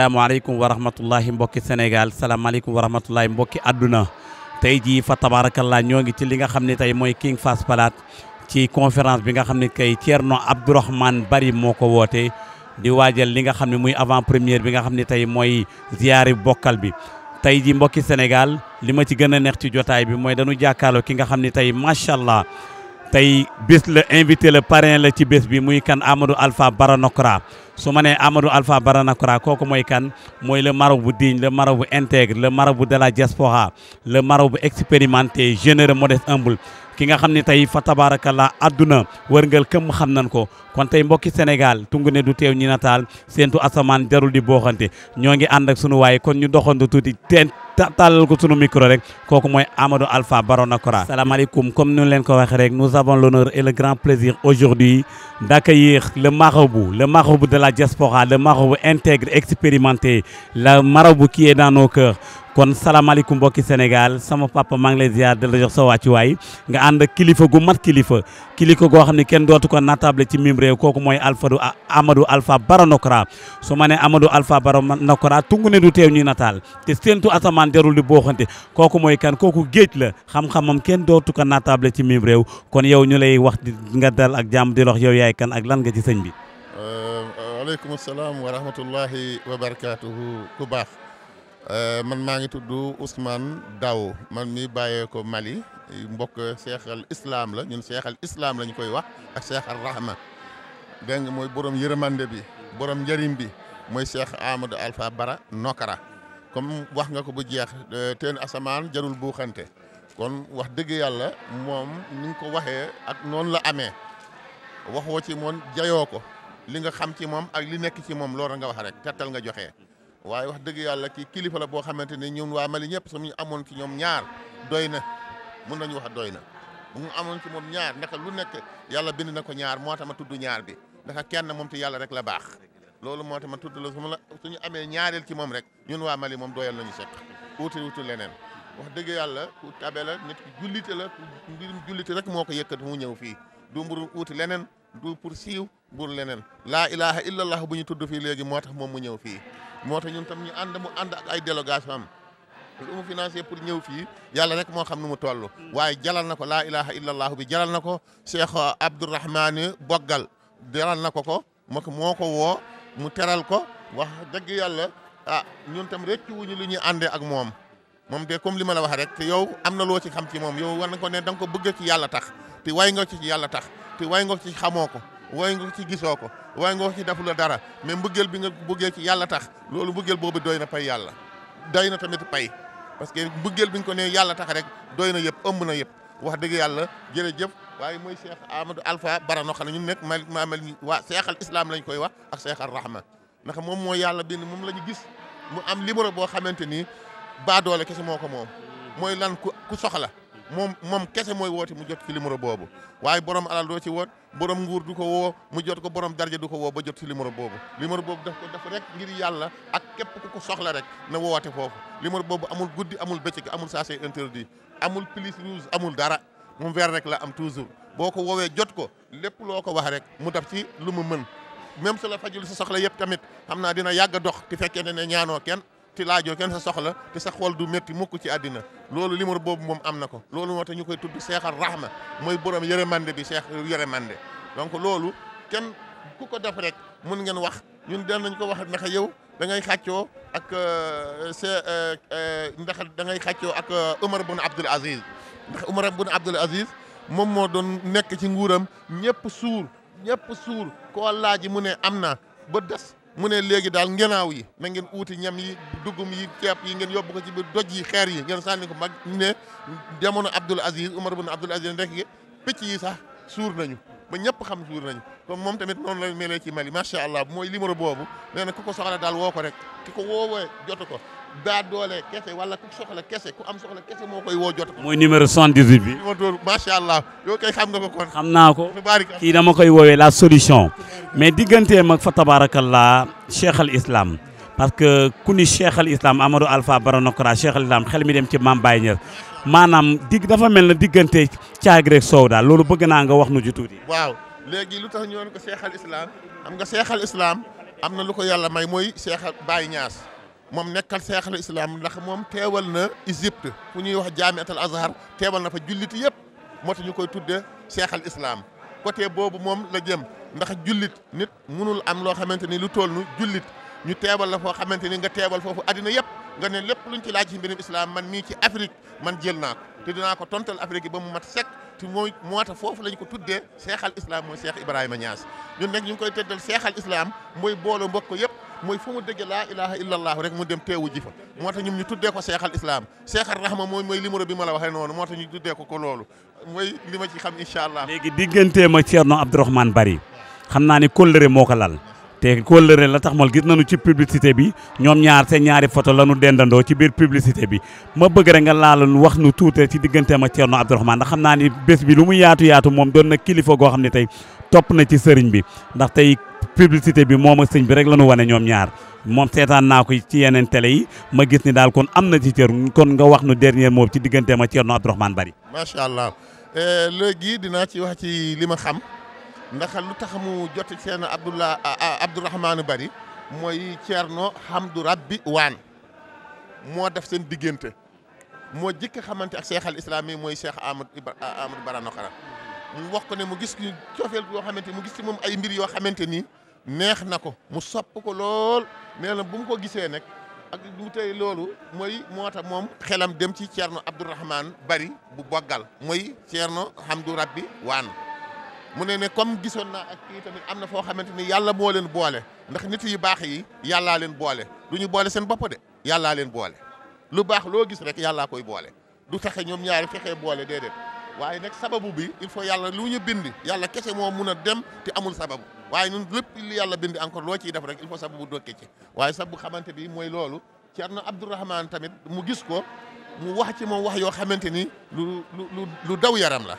salaamaaleykum wa rahmatullahi mbokki Sénégal salaamaaleykum wa rahmatullahi mbokki àdduna tey jii fa tabaarakallaa ñoo ngi ci li nga xam ne tey mooy King Fass Palace ci conférence bi nga xam ne kay Thierno Abdourahmane Bari moo ko woote di waajal li nga xam ne muy avant première bi nga xam ne tey mooy ziyaari bokkal bi tey jii mbokki Sénégal li ma ci gën a neex ci jotaay bi mooy dañu jàkkaarloo ki nga xam ni tey macha allah tey bés la invité le parrain la ci bés bi muy kan Amadou Alpha Baranokra su ma nee Amadou Alpha Barana Kora kooku mooy kan mooy le marabout digne le marabout intègre le marabout de la diaspora le marabout expérimenté généreux modeste humble ki nga xam ni tey fa tabaarakalla adduna wërngal këmm xam nan ko kon tey mbokki Sénégal tungu ne du teew ñi nataal seentu asamaan jarul di booxante ñoo ngi ànd ak sunu waaye kon ñu doxandu tuuti teen tàllal ko sunu micro rek kooku mooy Amadou Alpha Barona Kora salaamaaleykum comme nu leen ko waxee rek nous avons l'honneur et le grand plaisir aujourd'hui d'accueillir le marabout le marabout de la diaspora le marabout intègre expérimenté le marabout qui est dans nos cœurs kon salaamaaleykum mbokki Sénégal sama papa maa ngi lay ziar di la jox sa wàccuwaay nga ànd ak kilifa gu mat kilifa kilifa goo xam ne kenn dootu ko natable ci mim réew kooku mooy Alfadu ah, amadu Alpha Bara Ndokra su ma nee Amadou Alpha Bara Ndokra tungu ne du teew ñuy nataal te séentu asamaan jarul di booxante kooku mooy kan kooku géej la xam-xamam kenn dootu ko natable ci mim réew kon yow ñu lay wax di nga dal ak jàmm di lox yow yaay kan ak lan nga ci sëñ bi. waaleykum euh, euh, salaam wa rahmatullahi baax. Euh, man maa ngi tudd Ousmane Dao man mi bàyyee ko Mali mbokk seexal islaam la ñun seexal islam lañ koy wax ak seexal rahma dégg nga mooy boroom yërëmande bi borom njëriñ bi mooy seex Amadou Alpha Bara Nokara comme wax nga ko bu jeex euh, teen asamaan jarul buuxante kon wax dëgg yàlla moom ni ko waxee ak noonu la amee waxoo ci moom jayoo ko li nga xam ci moom ak li nekk ci moom loolu nga wax rek tettal nga joxe. waaye wax dëgg yàlla kii kilifa la boo xamante ne ñun waa Mali ñëpp suñu amoon ci ñoom ñaar doy na mun nañu wax doy na bu mu amoon ci moom ñaar ndax lu nekk yàlla bind na ko ñaar moo tax ma tudd ñaar bi ndax kenn moom te yàlla rek la baax loolu moo tax ma tudd la su ma la suñu amee ñaareel ci moom rek ñun waa Mali moom doyal nañu sekk wuute wuute leneen wax dëgg yàlla ku tabe la nit ku jullite la mbirum jullite rek moo ko yëkka yëkkati mu ñëw fii du mburu wuute leneen du pour siiw mburu leneen laa ilaha illallah bu ñu tudd fii léegi moo tax moom mu ñëw fii moo tax ñun tam ñu ànd mu ànd ay délégation am lu mu financé pour ñëw fii yàlla rek moo xam nu mu toll waaye jalal na ko laa ilaha illallah bi jalal na ko Cheikh Abdourahmane Boggal jalal na ko ko moo ko moo ko woo mu teral ko wax dëgg yàlla ah ñun tam rëccu wuñu lu ñuy àndee ak moom moom de comme li ma la wax rek te yow am na loo ci xam ci moom yow war na ko ne da ko bëgg ci yàlla tax te way nga ci yàlla tax te way nga ci xamoo ko waaye nga ci gisoo ko waaye nga wax ci defu la dara mais mbëggeel bi nga bëggee ci yàlla tax loolu mbëggeel boobu doy na pay yàlla doy na tamit pay parce que mbëggeel bi nga ko ne yàlla tax rek doy na yëpp ëmb na yëpp wax dëgg yàlla jërëjëf waaye mooy Cheikh Amadou Alpha Bara noo xam ne ñun maa Malick Mamel waa Cheikh al Islam lañ koy wax ak Cheikh al Rahma ndax moom mooy yàlla bind moom la ñu gis mu am numéro boo xamante ni doole kese moo ko moom mooy lan ku soxla moom moom kese mooy woote mu jot ci numéro boobu waaye borom alal doo ci woon borom nguur du ko woo mu jot ko boroom darja du ko woo ba jot ci numéro boobu numéro boobu daf ko def rek ngir yàlla ak képp ku ko soxla rek na woote foofu numéro boobu amul guddi amul bëccëg amul ça c'est interdit amul plus rouge amul dara mu vert rek la am toujours boo ko woowee jot ko lépp loo ko wax rek mu def ci lu mu mën même su la fajul si soxla yëpp tamit xam naa dina yàgg dox ti fekkente ne ñaanoo kenn ci laajoo kenn sa soxla te sa xool du métti mukk ci àddina loolu limar boobu moom am na ko loolu moo tax ñu koy tudd seexal rahma mooy borom yërëmande bi seex yërëmande donc loolu kenn ku ko def rek mun ngeen wax ñun danañ ko wax ndax yow da ngay xàccoo ak euh, se euh, euh, ndax da ngay xàccoo ak Umar bun Abdul Aziz ndax Umar bun Abdul Aziz moom moo doon nekk ci nguuram ñëpp suur ñëpp suur koo laaj mu ne am na ba des mu ne léegi daal ngenaaw yi na ngeen uuti ñam yi dugum yi ceeb yi ngeen yóbbu ko ci biir doj yi xeer yi ngeen sànni ko mag ne jamono Abdul Aziz Umar bin Abdul Aziz rek picc yi sax suur nañu ba ñëpp xam suur nañu kon moom tamit noonu la melee ci Mali macha allah mooy numéro boobu nee na ku ko soxla daal woo ko rek ki ko woowee joto ko baa doole kese wala ku moo koy woo jot. mooy numéro bi. ma dóor macha allah yow kay xam nga ko kon. xam naa ko kii dama koy woowee la solution. mais digganteem ak fa tabarakallah cheikh al islam. parce que ku ni cheikh al islam Amadou Alpha Baranokra cheikh al islam xel mi dem ci maam Baye Niass maanaam dig dafa mel na diggante caag rek soow daal loolu bëgg naa nga wax nu ci tuuti. léegi lu tax ñu ko cheikh al islam am na lu ko yàlla may mooy cheikh Baye Niass. moom nekkal seexal islam ndax moom teewal na Égypte fu ñuy wax jaamiatul azhar teewal na fa jullit yëpp moo tax ñu koy tudde seexal islam côté boobu moom la jëm ndax jullit nit munul am loo xamante ni lu toll nu jullit ñu teebal la foo xamante ni nga teebal foofu addina yëpp nga ne lépp luñ ci laaj ci mbirum islam man mii ci Afrique man jël naa ko te dinaa ko tontal Afrique yi ba mu mat sekk te mooy moo tax foofu lañ ko tuddee seexal islam mooy seex Ibrahima Niass ñun nag ñu ngi koy teddal seexal islam mooy boolo mbokk ko yëpp mooy fu mu dëgg laa ilaha illallah rek mu dem teewu ji fa moo tax ñun ñu tuddee ko seexal islaam seexal rahma mooy mooy numéro bi ma la waxee noonu moo tax ñu tuddee ko ko loolu mooy li ma ci xam incha allah. léegi digganteem ak Thierno Abdourahmane Bari xam naa ne kóllëre moo ko lal te kóllëre la tax mal gis nañu ci publicité bi ñoom ñaar seen ñaari photo la dendandoo ci biir publicité bi ma bëgg rek nga laal wax nu tuute ci diggante ma Thierno Abdourahmane ndax xam naa ni bés bi lu mu yaatu yaatu moom doon na kilifa goo xam ne tey topp na ci sëriñ bi ndax tey publicité bi moom ak sëñ bi rek la ñu wane ñoom ñaar moom seetaan naa ko ci yeneen télé yi ma gis ni daal kon am na ci cër kon nga wax nu dernier moom ci diggante ma Thierno Abdourahmane Bari macha allah eh, léegi dinaa ndax lu tax mu jot seen abdullah ah, abdourahmanu bari mooy ceerno hamdu rabbi waan moo def seen diggante moo jëkk xamante ak cheikh al islam yi mooy cheikh amad ah, amad baranokara mu wax ko ne mu gis ñu coofeel yoo xamante mu gis ci moom ay mbir yoo xamante nii neex na ko mu sopp ko lool nee na bu mu ko gisee nag ak mu tey loolu mooy moo tax moom xelam dem ci ceerno abdourahman bari bu boggal mooy ceerno hamdu rabbi waan mu ne ne comme gisoon naa ak kii tamit am na foo xamante ni yàlla moo leen boole ndax nit yu baax yi yàllaa leen boole lu ñu boole seen bopp de yàllaa leen boole lu baax loo gis rek yàllaa koy boole lu taxe ñoom ñaari fexee boole déedéet waaye nag sababu bi il faut yàlla lu ñu bind yàlla kese moom mun a dem ti amul sababu waaye ñun lépp yàlla bind encore loo ciy def rek il faut sababu dokke ci waaye sababu xamante bi mooy loolu Cerno Abdourahmane tamit mu gis ko mu wax ci moom wax yoo xamante ni lu lu daw yaram la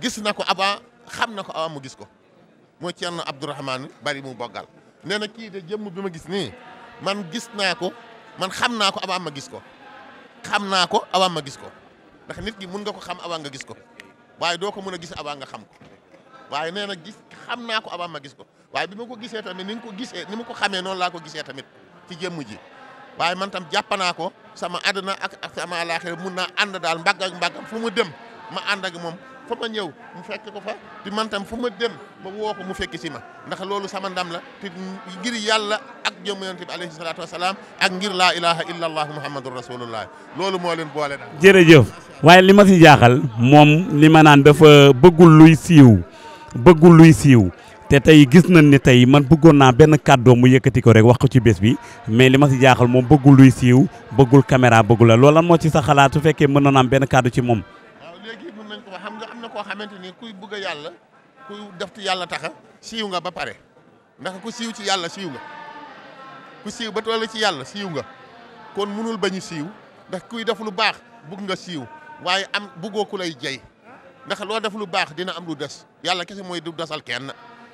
gis na ko avant xam na ko avant mu gis ko mooy Thierno Abdourahmane bari mu boggal nee na kii de jëmm bi ma gis nii man gis naa ko man xam naa ko avant ma gis ko xam naa ko avant ma gis ko ndax nit ki mun nga ko xam avant nga gis ko waaye doo ko mën a gis avant nga xam ko waaye nee na gis xam naa ko avant ma gis ko waaye bi ma ko gisee tamit ni nga ko gisee ni ma ko xamee noonu laa ko gisee tamit ci jëmm ji waaye man tam jàpp naa ko sama àdduna ak sama àllaaxira mun naa ànd daal mbagg ak mbagg fu mu dem ma ànd ak moom fa ma ñëw mu fekk ko fa te man tam fu ma dem ma woo ko mu fekk si ma ndax loolu sama ndam la te ngir yàlla ak jëmm yonent bi alayhi salaatu wasalaam ak ngir laa ilaha illa allah muhammadur rasulullah loolu moo leen boole daal. jërëjëf waaye li ma si jaaxal moom li ma naan dafa bëggul luy siiw bëggul luy siiw. te tey gis nañ ni tey man bëggoon naa benn kàddoo mu yëkkati ko rek wax ko ci bés bi mais li ma si jaaxal moom bëggul luy siiw bëggul caméra bëggul la loolu lan moo ci sa xalaat su fekkee mënoon benn kàddu ci moom. koo xamante ni kuy bugg yàlla kuy def ci yàlla tax siiw nga ba pare ndax ku siiw ci yàlla siiw nga ku siiw ba toll ci yàlla siiw nga kon mënul bañ siiw ndax kuy def lu baax bëgg nga siiw waaye am bëggoo ku lay jey ndax loo def lu baax dina am lu des yàlla kese mooy du desal kenn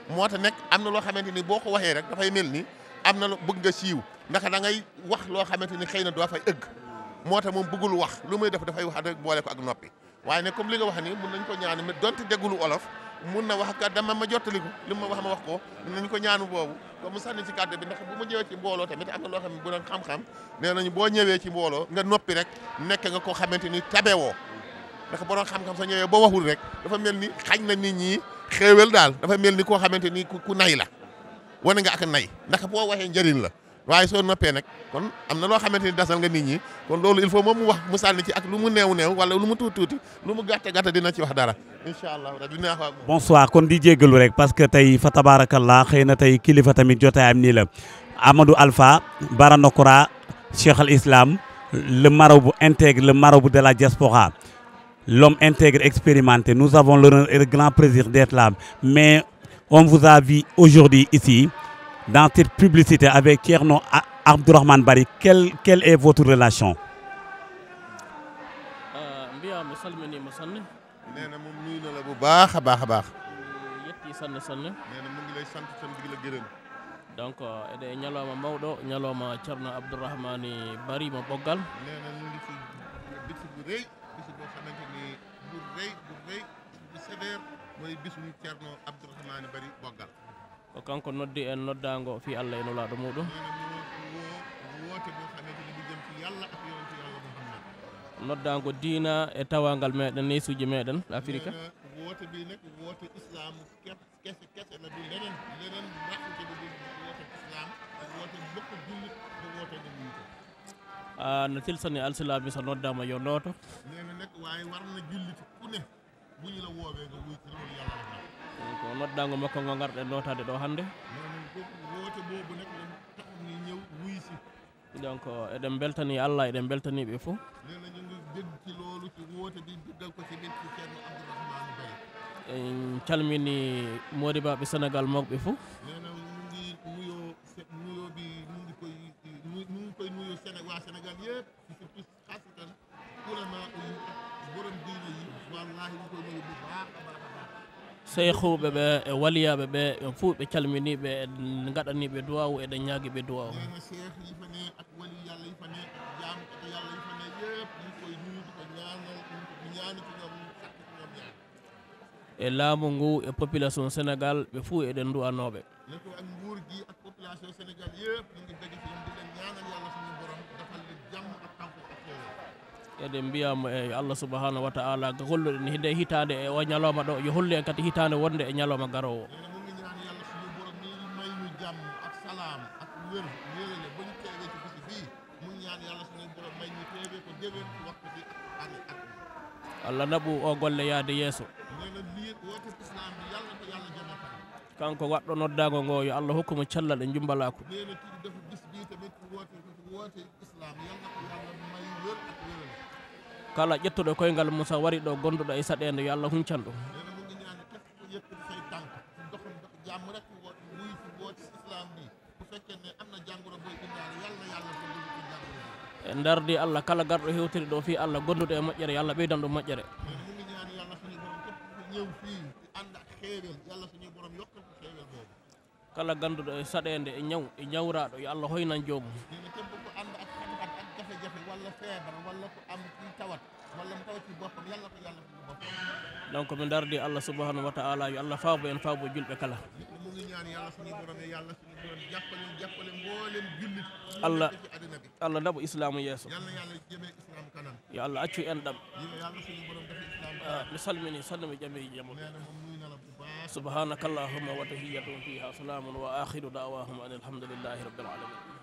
moo tax nekk am na loo xamante ni boo ko waxee rek dafay mel ni am na bëgg nga siiw ndax da ngay wax loo xamante ni xëy na doo fay ëgg moo tax moom bëggul wax lu muy def dafay wax rek boole ko ak noppi waaye nag comme li nga wax nii mun nañ ko ñaan mais donte déggulu olof mun na wax ka dama ma jottaliku ko li ma wax ma wax ko mun nañ ko ñaanu boobu comme mu sànni si kàddu bi ndax bu ma ñëwee ci mbooloo tamit am na loo xam ne bu doon xam nee nañu boo ñëwee ci mbooloo nga noppi rek nekk nga koo xamante ni tabewoo ndax borom xam-xam sa ñëwee boo waxul rek dafa mel ni xañ na nit ñi xéewal daal dafa mel ni koo xamante ni ku nay la wane nga ak nay ndax boo waxee njëriñ la waaye soo noppee nag kon am na loo xamante ni dasal nga nit ñi kon loolu il faut moom mu wax mu sànni ci ak lu mu neew neew wala lu mu tuuti tuuti lu mu gàtt gàtt dina ci wax dara incha allah rabi dinaa ko bonsoir kon di jéggalu rek parce que tey fa tabarakallah xëy na tey kilifa tamit jotaayam nii la Amadou Alpha Baranokura Cheikh al Islam le marabout intègre le marabout de la diaspora l'homme integre expérimenté nous avons l'honneur et le grand plaisir d'être là mais on vous a vu aujourd'hui dans cette publicité avec Kerno Abdurrahman Bari, quelle, quelle est votre relation donc euh, ede ñalawma mawɗo ñalawma ceerno abdourahmani bari mo ɓoggal nena ngi fi bisu bu rëy bisu boo xamante ni bu rëy bu rëy bu sévère mooy bisu ceerno abdourahmani o kanko noddi en noddaango fii allah e nulaaɗo muɗum noddaango diina e tawaangal meeɗen neysuuji meeɗen afrique woote mbi nag woote islam kese kese la du leneen leneen raɓɓude ɗo ɗum woote woote mbokko jullit ko woote ɗo wiyte no tilsani alsilami yo nooto nene nag waawi warna julliti kune buñu la woowee nga wuytirol yalaa donc o noddago makko ngo garɗen notade ɗo hannde eɗen beltani allah eɗen beltaniɓe fof nenañogo en calmini modibaɓe sénégal mawɓe fof seyhuɓe ɓe e waliyaɓe ɓe ɓen fof ɓe calminiɓe e, e gaɗaniɓe duwawu eɗen ñaaguiɓe duwawu e laamu ngu e population sénégal ɓe fof eɗen duwanoɓe eɗen mbiyamo e allah subahanahu wa holluɗen hide hitande e o ñalawma ɗo yo hollu en kadi hitande wonde e ñalawma garowo e allah naɓu o golle yaade yeeso kanko waɗɗo noddago ngo yo allah hokkuma cellal e jumbalako kala ƴettuɗo e koyngal mum wari ɗo gonduɗo e saɗede yo allah huncan ɗum e dardi allah kala garɗo hewtiri ɗo fi allah gonduɗo e moƴƴere yo allah ɓeydan ɗum moƴƴere kala ganduɗo e saɗede e ñaw e yo allah hoynan joomum donc mi dardi allah subhanahu wa ta'ala yo allah faabo en faabo julɓe kala allah allah daɓo yeeso yo allah accu en ɗam ah, mi salmini sonnami jami jamo subhanaka allahumma wa tahiyatun fiha salamun wa akhiru dawahum an alhamdulillahi rabbil alamin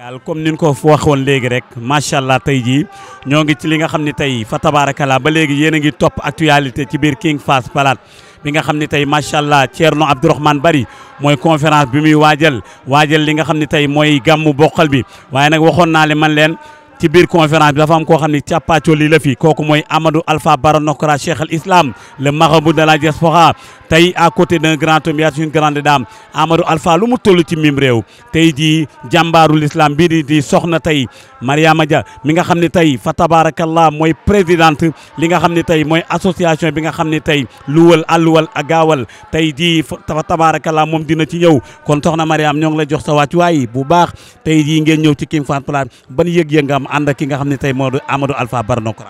Sénégal comme ni ñu ko waxoon rek macha tey jii ñoo ngi ci li nga xam ne tey fa tabaarakala ba léegi yéen a ngi topp actualité ci biir King Fahd Palace bi nga xam ni tey macha allah Thierno Abdourahmane Bari mooy conférence bi muy waajal waajal li nga xam ne tey mooy gàmmu bokkal bi waaye nag waxoon man leen. ci biir conférence bi dafa am koo xam ne càppaacoo lii la fi kooku mooy Amadou Alpha Bara Nokra Cheikh al Islam le marabout de la diaspora tey à côté d'un grand homme yaa une grande dame Amadou Alpha lu mu toll ci mim réew tey jii jàmbaaru l'islam bii di di soxna tey Mariama Dia mi nga xam ne tey fa tabarakallah mooy présidente li nga xam ne tey mooy association bi nga xam ni tey luwal alluwal a gaawal tey jii fa tabarakallah moom dina ci ñëw kon soxna Mariam ñoo ngi la jox sa wàccuwaay bu baax tey jii ngeen ñëw ci King Fahd Palace ban yëg-yëg am ànd ak ki nga xam ne tey moo di Amadou Alpha Bara Ndongo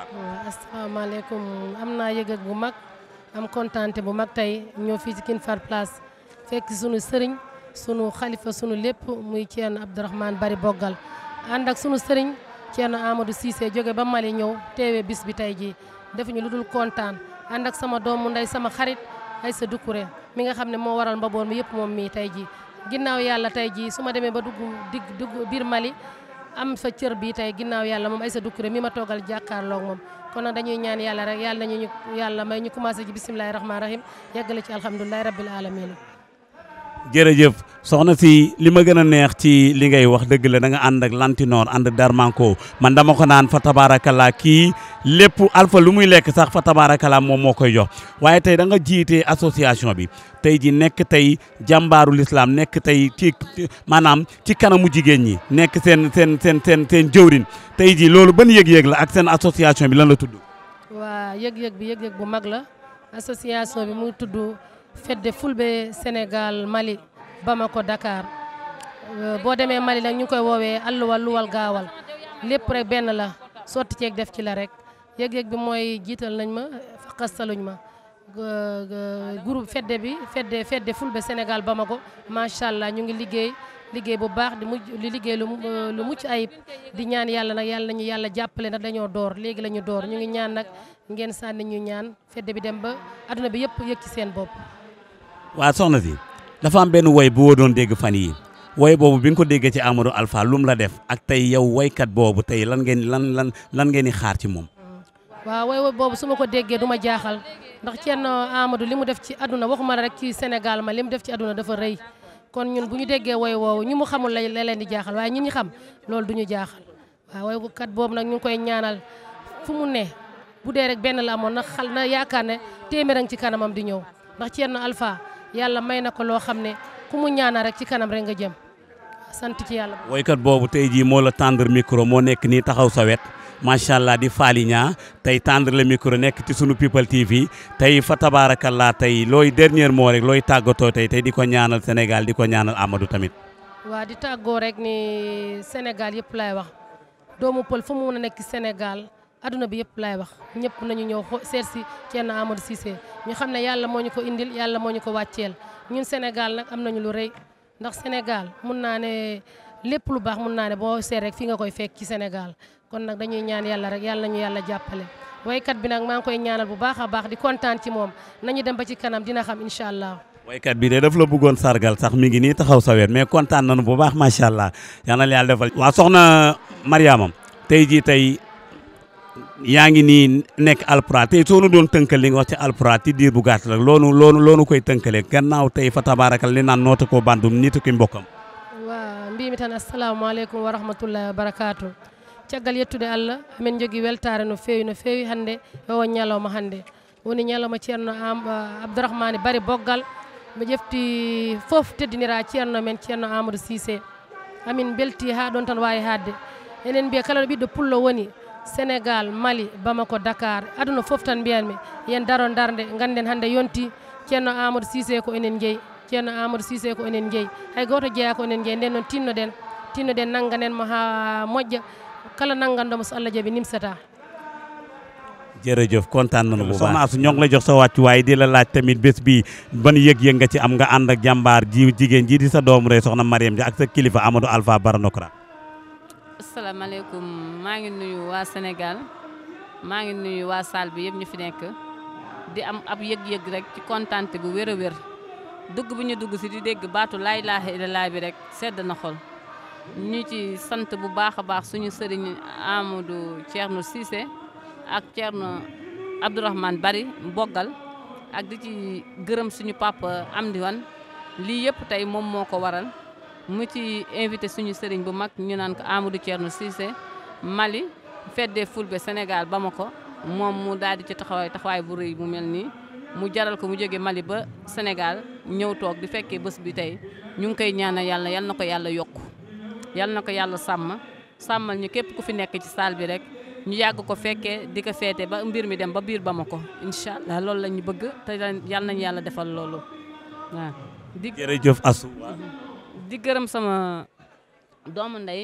asalaamaaleykum am naa yëg-yëg bu mag am kontante bu mag tey ñoo fii ci King Fahd Palace fekk sunu sëriñ sunu xalifa sunu lépp muy Thierno Abdourahmane Bari Boggal ànd ak sunu sëriñ Thierno Amadou Cissé joge ba Mali ñëw teewee bis bi tey jii defuñu lu dul kontaan ànd ak sama doomu ndey sama xarit Aïssa Doucouré mi nga xam ne moo waral mbaboon mi yëpp moom mii tey jii ginnaaw yàlla tey jii su ma am fa cër bi tey ginnaaw yàlla moom Aïssatou Touré mii ma toogal jàkkaarloog moom kon nag dañuy ñaan yàlla rek yàlla nañu yàlla may ñu commencé ci bisimilahi rahmaani rahim yàggale ci alhamdulilahi rabbil alamin jërëjëf soxna si li ma gën a neex ci li ngay wax dëgg la danga nga ànd ak lantinoor ànd darmanko man dama ko naan fa tabaarakala kii lépp alpha lu muy lekk sax fa tabaarakala moom moo koy jox waaye tey da nga jiite association bi tey ji nekk tey jàmbaaru lislaam nekk tey ci maanaam ci kanamu jigéen ñi nekk seen seen seen seen seen jëwrin tey ji loolu ban yëg-yëg la ak seen association bi lan la tudd yëg-yëg bu mag la association bi mu tudd Fedde Fulbe Sénégal Mali Bamako Dakar euh, boo demee Mali nag ñu koy woowee alluwal luwal gaawal lépp rek benn la sotti ceeg def ci la rek yëg-yëg bi mooy jiital nañ ma faqastaluñ ma groupe fedde bi fedde fedde ba Sénégal ko macha allah ñu ngi liggéey liggéey bu baax di mujj di liggéey lu euh, lu mucc ayib di ñaan yàlla nag yàlla nañu yàlla jàppale nag dañoo door léegi la ñu door ñu ngi ñaan nag ngeen sànni ñu ñaan fedde bi dem ba adduna bi yëpp yëg ci seen bopp. waa soxna si. dafa am benn woy bu woo doon dégg fan yi woy boobu bi nga ko déggee ci Amadou Alpha lum la def ak tey yow kat boobu tey lan ngeen lan lan lan ngeen di xaar ci moom. waaw woy boobu su ma ko déggee du ma jaaxal ndax Thierno Amadou li mu def ci àdduna waxuma la rek ci Sénégal ma li mu def ci àdduna dafa rëy kon ñun bu ñu déggee woy woowu ñi mu xamul la leen di jaaxal waaye ñi ñu xam loolu du ñu jaaxal waaw kat boobu nag ñu koy ñaanal fu mu ne bu dee rek benn la amoon xal na yaakaar ne téeméer a ci kanamam di ñëw yàlla may na ko loo xam ne ku mu ñaana rek ci kanam rek nga jëm sant ci yàlla. woykat boobu tey jii moo la tendre micro moo nekk nii taxaw sa wet macha allah di faali ñaa tey tendre le micro nekk ci sunu people TV tey fa la tey looy dernier moo rek looy tàggatoo tey tey di ko ñaanal Sénégal di ko ñaanal Amadou tamit. waa di tàggoo rek ni Sénégal yëpp lay wax doomu pël fu mu a nekk Sénégal. adduna bi yëpp laay wax ñëpp nañu ñëw seet si Thierno Amadou Cissé ñu xam ne yàlla moo ñu ko indil yàlla moo ñu ko wàcceel ñun Sénégal nag am nañu lu rëy ndax Sénégal mun naa ne lépp lu baax mun naa ne boo seet rek fi nga koy fekk ci Sénégal kon nag dañuy ñaan yàlla rek yàlla nañu yàlla jàppale waykat bi nag maa koy ñaanal bu baax a baax di kontaan ci moom nañu dem ba ci kanam dina xam incha allah waykat bi de daf la bugoon sargal sax mi nii taxaw sa mais kontaan nañu bu baax macha allah yal na yàlla defal waa soxna Mariamam tey jii yaa ngi nii nekk alpura tey soo doon tënkal li nga diir bu gàtt rek loolu loolu loolu koy tënkalee gannaaw tey fa tabaarakal li naan noote koo bandum nitu ki mbokkam waaw mbimi tan asalaamaaleykum wa rahmatullahi wa barakatu caggal yettude allah amin jogii weltare no feewi no feewi hannde e on ñalawma hannde woni ñalawma ceerno am uh, abdourahmane bari boggal mi ƴefti fof teddinira ceerno men ceerno amadou sisé amin belti ha ɗon tan wawi senegal mali bamako dakar aduna fof tan yen daron darde ganden hannde yonti ceerno amadou sisé ko enen jeeyi ceerno amadou sisé ko enen jeeyi hay goto jeeya ko enen jeeyi nden noon tinnoɗen tinnoɗen nangganenmo ha moƴƴa kala nangganɗomo so allah jaaɓi nimsata jërëjëf kontaan nañu bu baax soxna su ñoo ngi la jox sa wàccuwaay di la laaj tamit bés bi ban yëg-yëg nga ci am nga ànd ak jàmbaar ji jigéen ji di sa doom rey soxna Mariam ji ak sa kilifa Amadou Alpha Baranokra asalaamaaleykum maa ngi nuyu waa Sénégal maa ngi nuyu waa salle bi yëpp ñu fi nekk di am ab yëg-yëg rek ci kontante bu wér a wér dugg bu ñu dugg si di dégg baatu laa ilaaha illallaah bi rek sedd na xol ñu ci sant bu baax a baax suñu sëriñ Amadou nu Cissé ak Thierno Abdourahmane Bari Boggal ak di ci gërëm suñu papa Amdi Wan lii yëpp tey moom moo ko waral mu ci invité suñu sëriñ bu mag ñu naan ko Amadou Thierno Cissé Mali fête des Fulbe Sénégal Bamako moom mu daal di ci taxawaay taxawaay bu rëy bu mel nii mu jaral ko mu jóge Mali ba Sénégal ñëw toog di fekkee bés bi tey ñu ngi koy ñaanal yàlla yal na ko yàlla yokk yal na ko yàlla sàmm sàmmal ñu képp ku fi nekk ci salle bi rek ñu yàgg ko fekkee di ko feete ba mbir mi dem ba biir Bamako incha allah loolu la ñu bëgg te yal nañu yàlla defal loolu waaw. jërëjëf Asou di gërëm sama doomu ndey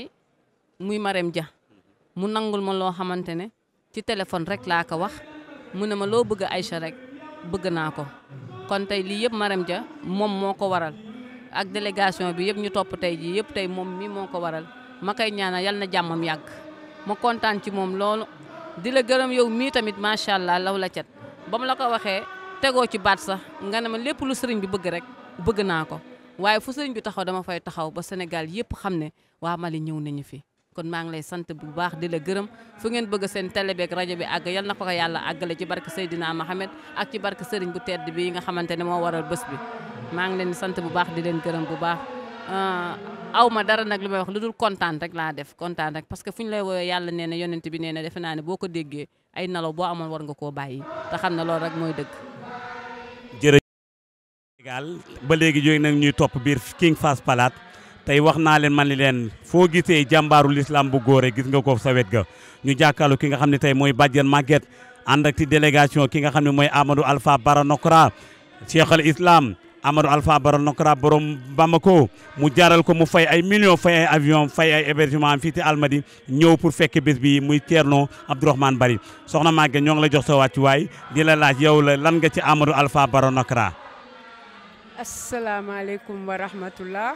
muy Marème ja mu nangul ma loo xamante ne ci téléphone rek laa ko wax mu ne ma loo bëgg ay Aïcha rek bëgg naa ko kon tey lii yëpp Marème ja moom moo ko waral ak délégation bi yëpp ñu topp tey jii yëpp tey moom mii moo ko waral ma koy ñaanal yal na jàmmam yàgg ma kontaan ci moom loolu di la gërëm yow mii tamit macha allah law la cet ba mu la ko waxee tegoo ci baat sax nga ne ma lépp lu sëriñ bi bëgg rek bëgg naa ko waaye fu sëriñ bi taxaw dama fay taxaw ba senegal yëpp xam ne waa Mali ñëw nañu fi kon maa ngi lay sant bu baax di la gërëm fu ngeen bëgg seen télé beeg rajo bi àgg yal na ko ko yàlla àggale ci barke Seydina Mohamed ak ci barke sëriñ bu tedd bi nga xamante ne moo waral bés bi maa ngi leen di sant bu baax di leen gërëm bu baax ah, aw ma dara nag li may wax lu dul kontaan rek naa def kontaan rek parce que fu ñu lay woowee yàlla nee na yonent bi nee na defe naa ne boo ko déggee ay nalaw boo war nga koo bàyyi te xam mooy dëgg Sénégal ba léegi yooyu nag ñuy topp biir King Fahd Palace tey wax naa leen ma ni leen foo gisee jàmbaaru l'islam bu góore gis nga ko sa wet ga ñu jàkkaarlu ki nga xam ne tey mooy Badiane Maguette ànd ak ci délégation ki nga xam ne mooy Amadou Alpha Bara Nokra Cheikh al Islam Amadou Alpha Bara Nokra borom Bamako mu jaral ko mu fay ay millions fay ay avion fay ay hébergement am fii ci Almadi ñëw pour fekk bés bi muy Thierno Abdourahmane Bari soxna Maguette ñoo ngi asalaamaaleykum wa rahmatullah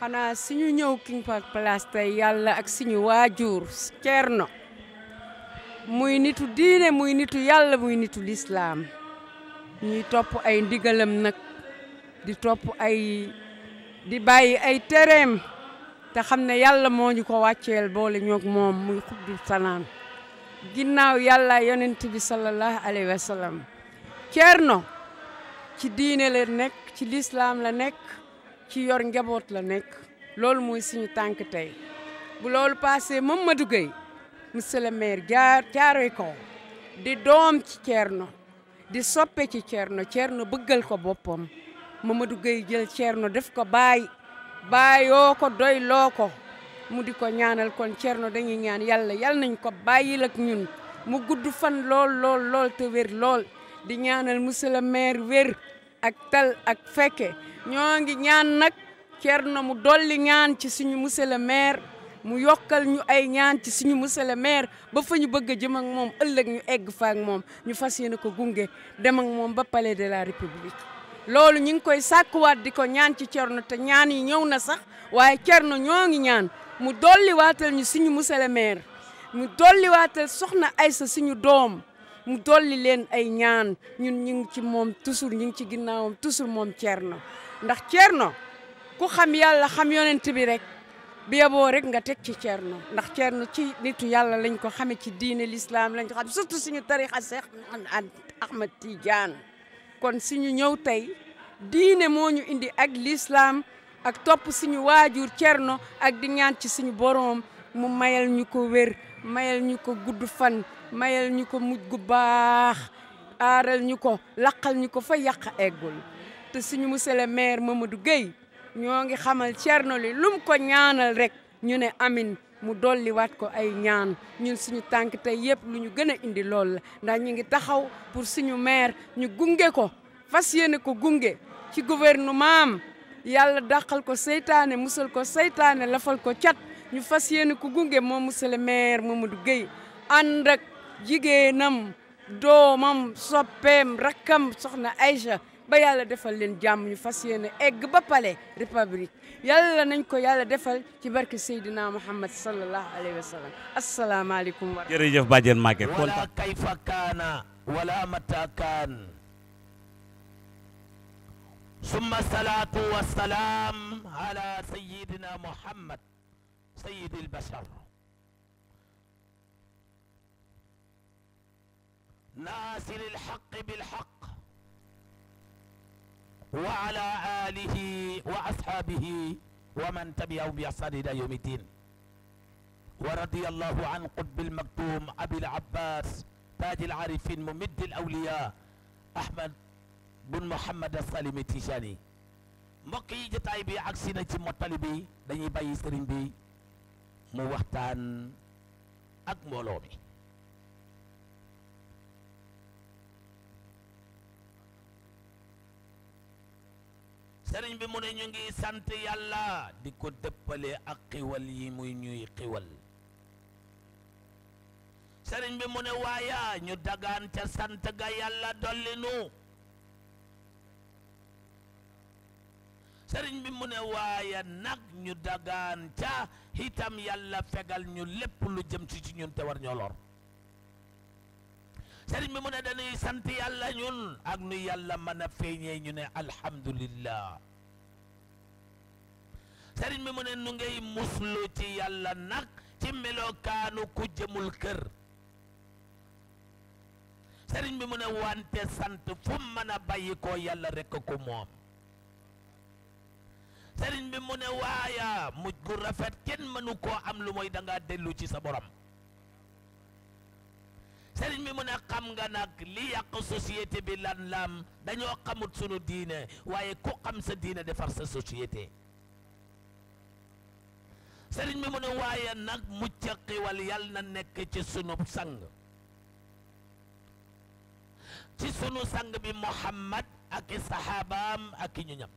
xanaa suñu ñëw King Fahd tey yàlla ak suñu waajur Ceerno muy nitu diine muy nitu yàlla muy nitu lislaam ñuy topp ay ndigalam nag di topp ay di bàyyi ay tereem te xam ne yàlla moo ñu ko wàcceel boole ñoog moom muy xuddu sanaan ginnaaw yàlla yonent bi sallallahu alayhi wa sallam ci diine la nekk ci lislaam la nekk ci yor njaboot la nekk loolu mooy suñu tànk tey bu lool passé mëmma Gueye monsieur le jaar jaaroy ko di doom ci Thierno di soppe ci Thierno Thierno bëggal ko boppam Mamadou Gueye jël Thierno def ko baay baayoo ko doy loo ko mu di ko ñaanal kon Thierno dañuy ñaan yàlla yàlla nañ ko bàyyil ak ñun mu gudd fan lool lool te wér lool di ñaanal monsieur le maire wér ak tal ak fekke ñoo ngi ñaan nag Thierno mu dolli ñaan ci suñu monsieur mu yokkal ñu ay ñaan ci suñu monsieur ba fa ñu bëgg a jëm ak moom ëllëg ñu egg fa ak moom ñu fas yéene ko gunge dem ak moom ba palais de la république. loolu ñu ngi koy sàkkuwaat di ko ñaan ci Thierno te ñaan yi ñëw na sax waaye cer Thierno ñoo ngi ñaan mu dolli waatal ñu suñu monsieur le maire mu dolli waatal soxna Aysa suñu doom. mu dolli leen ay ñaan ñun ñu ci moom toujours ñu ngi ci ginnaawam toujours moom Thierno ndax Thierno ku xam yàlla xam yoo yonent bi rek bi yeboo rek nga teg ci Thierno ndax Thierno ci nitu yàlla lañ ko xame ci diine l'islam lañ ko xam surtout suñu tarixa Cheikh Ahmed tiijaan kon suñu ñëw tey diine moo ñu indi ak lislaam ak topp suñu waajur no ak di ñaan ci suñu boroom mu mayal ñu ko wér mayal ñu ko gudd fan mayal ñu ko mujj gu baax aaral ñu ko laqal ñu ko fa yàq eggul te suñu monsieur le maire Mamadou Guèye ñoo ngi xamal Thierno li lum ko ñaanal rek ñu ne amin mu dolliwaat ko ay ñaan ñun suñu tànk tey yëpp lu ñu gën indi lool la ndax ñu ngi taxaw pour suñu maire ñu gunge ko fas yéene ko gunge ci gouvernement am yàlla dàqal ko seytaane musal ko seytaane lafal ko cat ñu fas yéene ko gunge moom monsieur le maire Mamadou Guèye ànd ak jigéenam doomam soppeem rakkam soxna Aïcha ba yàlla defal leen jàmm ñu fas yéene egg ba palais république yàlla nañ ko yàlla defal ci barke Seydina Muhammad sallallahu alayhi wa sallam asalaamaaleykum wa jërëjëf wala kayfa kaana wala mata kaan summa salaatu wa salaam ala Muhammad sayidil bashar ناصر الحق بالحق وعلى آله وأصحابه ومن تبعهم بإحسان إلى يوم الدين ورضي الله عن قطب المكتوم أبي العباس تاج العارفين ممد الأولياء أحمد bun Mouhamad Salim Tijani mbokk yi jotaay bi ak si na ci mottali bi dañuy bàyyi sëriñ bi mu waxtaan ak mbooloo mi sëriñ bi mu ne ñu ngi sant yàlla di ko dëppale ak xiwal yi muy ñuy xiwal sëriñ bi mu ne waaya ñu dagaan ca sant ga yàlla dolli sëriñ bi mu ne waaya nag ñu dagaan ca itam yàlla fegal ñu lépp lu jëm ci ci ñun te war ñoo lor sëriñ bi mu ne dañuy sant yàlla ñun ak nu yàlla mën a feeñee ñu ne alhamdulillah sëriñ bi mu ne nu ngay muslu ci yàlla nag ci melokaanu ku jëmul kër sëriñ bi mu ne wante sant fu mën yàlla rekk moom sëriñ bi mu ne waaya mujj gu rafet kenn mënu koo am lu mooy dangaa dellu ci sa borom sëriñ bi mu ne xam nga nag li yàq société bi lan lam dañoo xamut sunu diine waaye ku xam sa diine defar sa société sëriñ bi mu ne waaye nag mucc xiwal yal na nekk ci sunu sang ci sunu sang bi Muhammad ak i saxaabaam ak i ñu ñam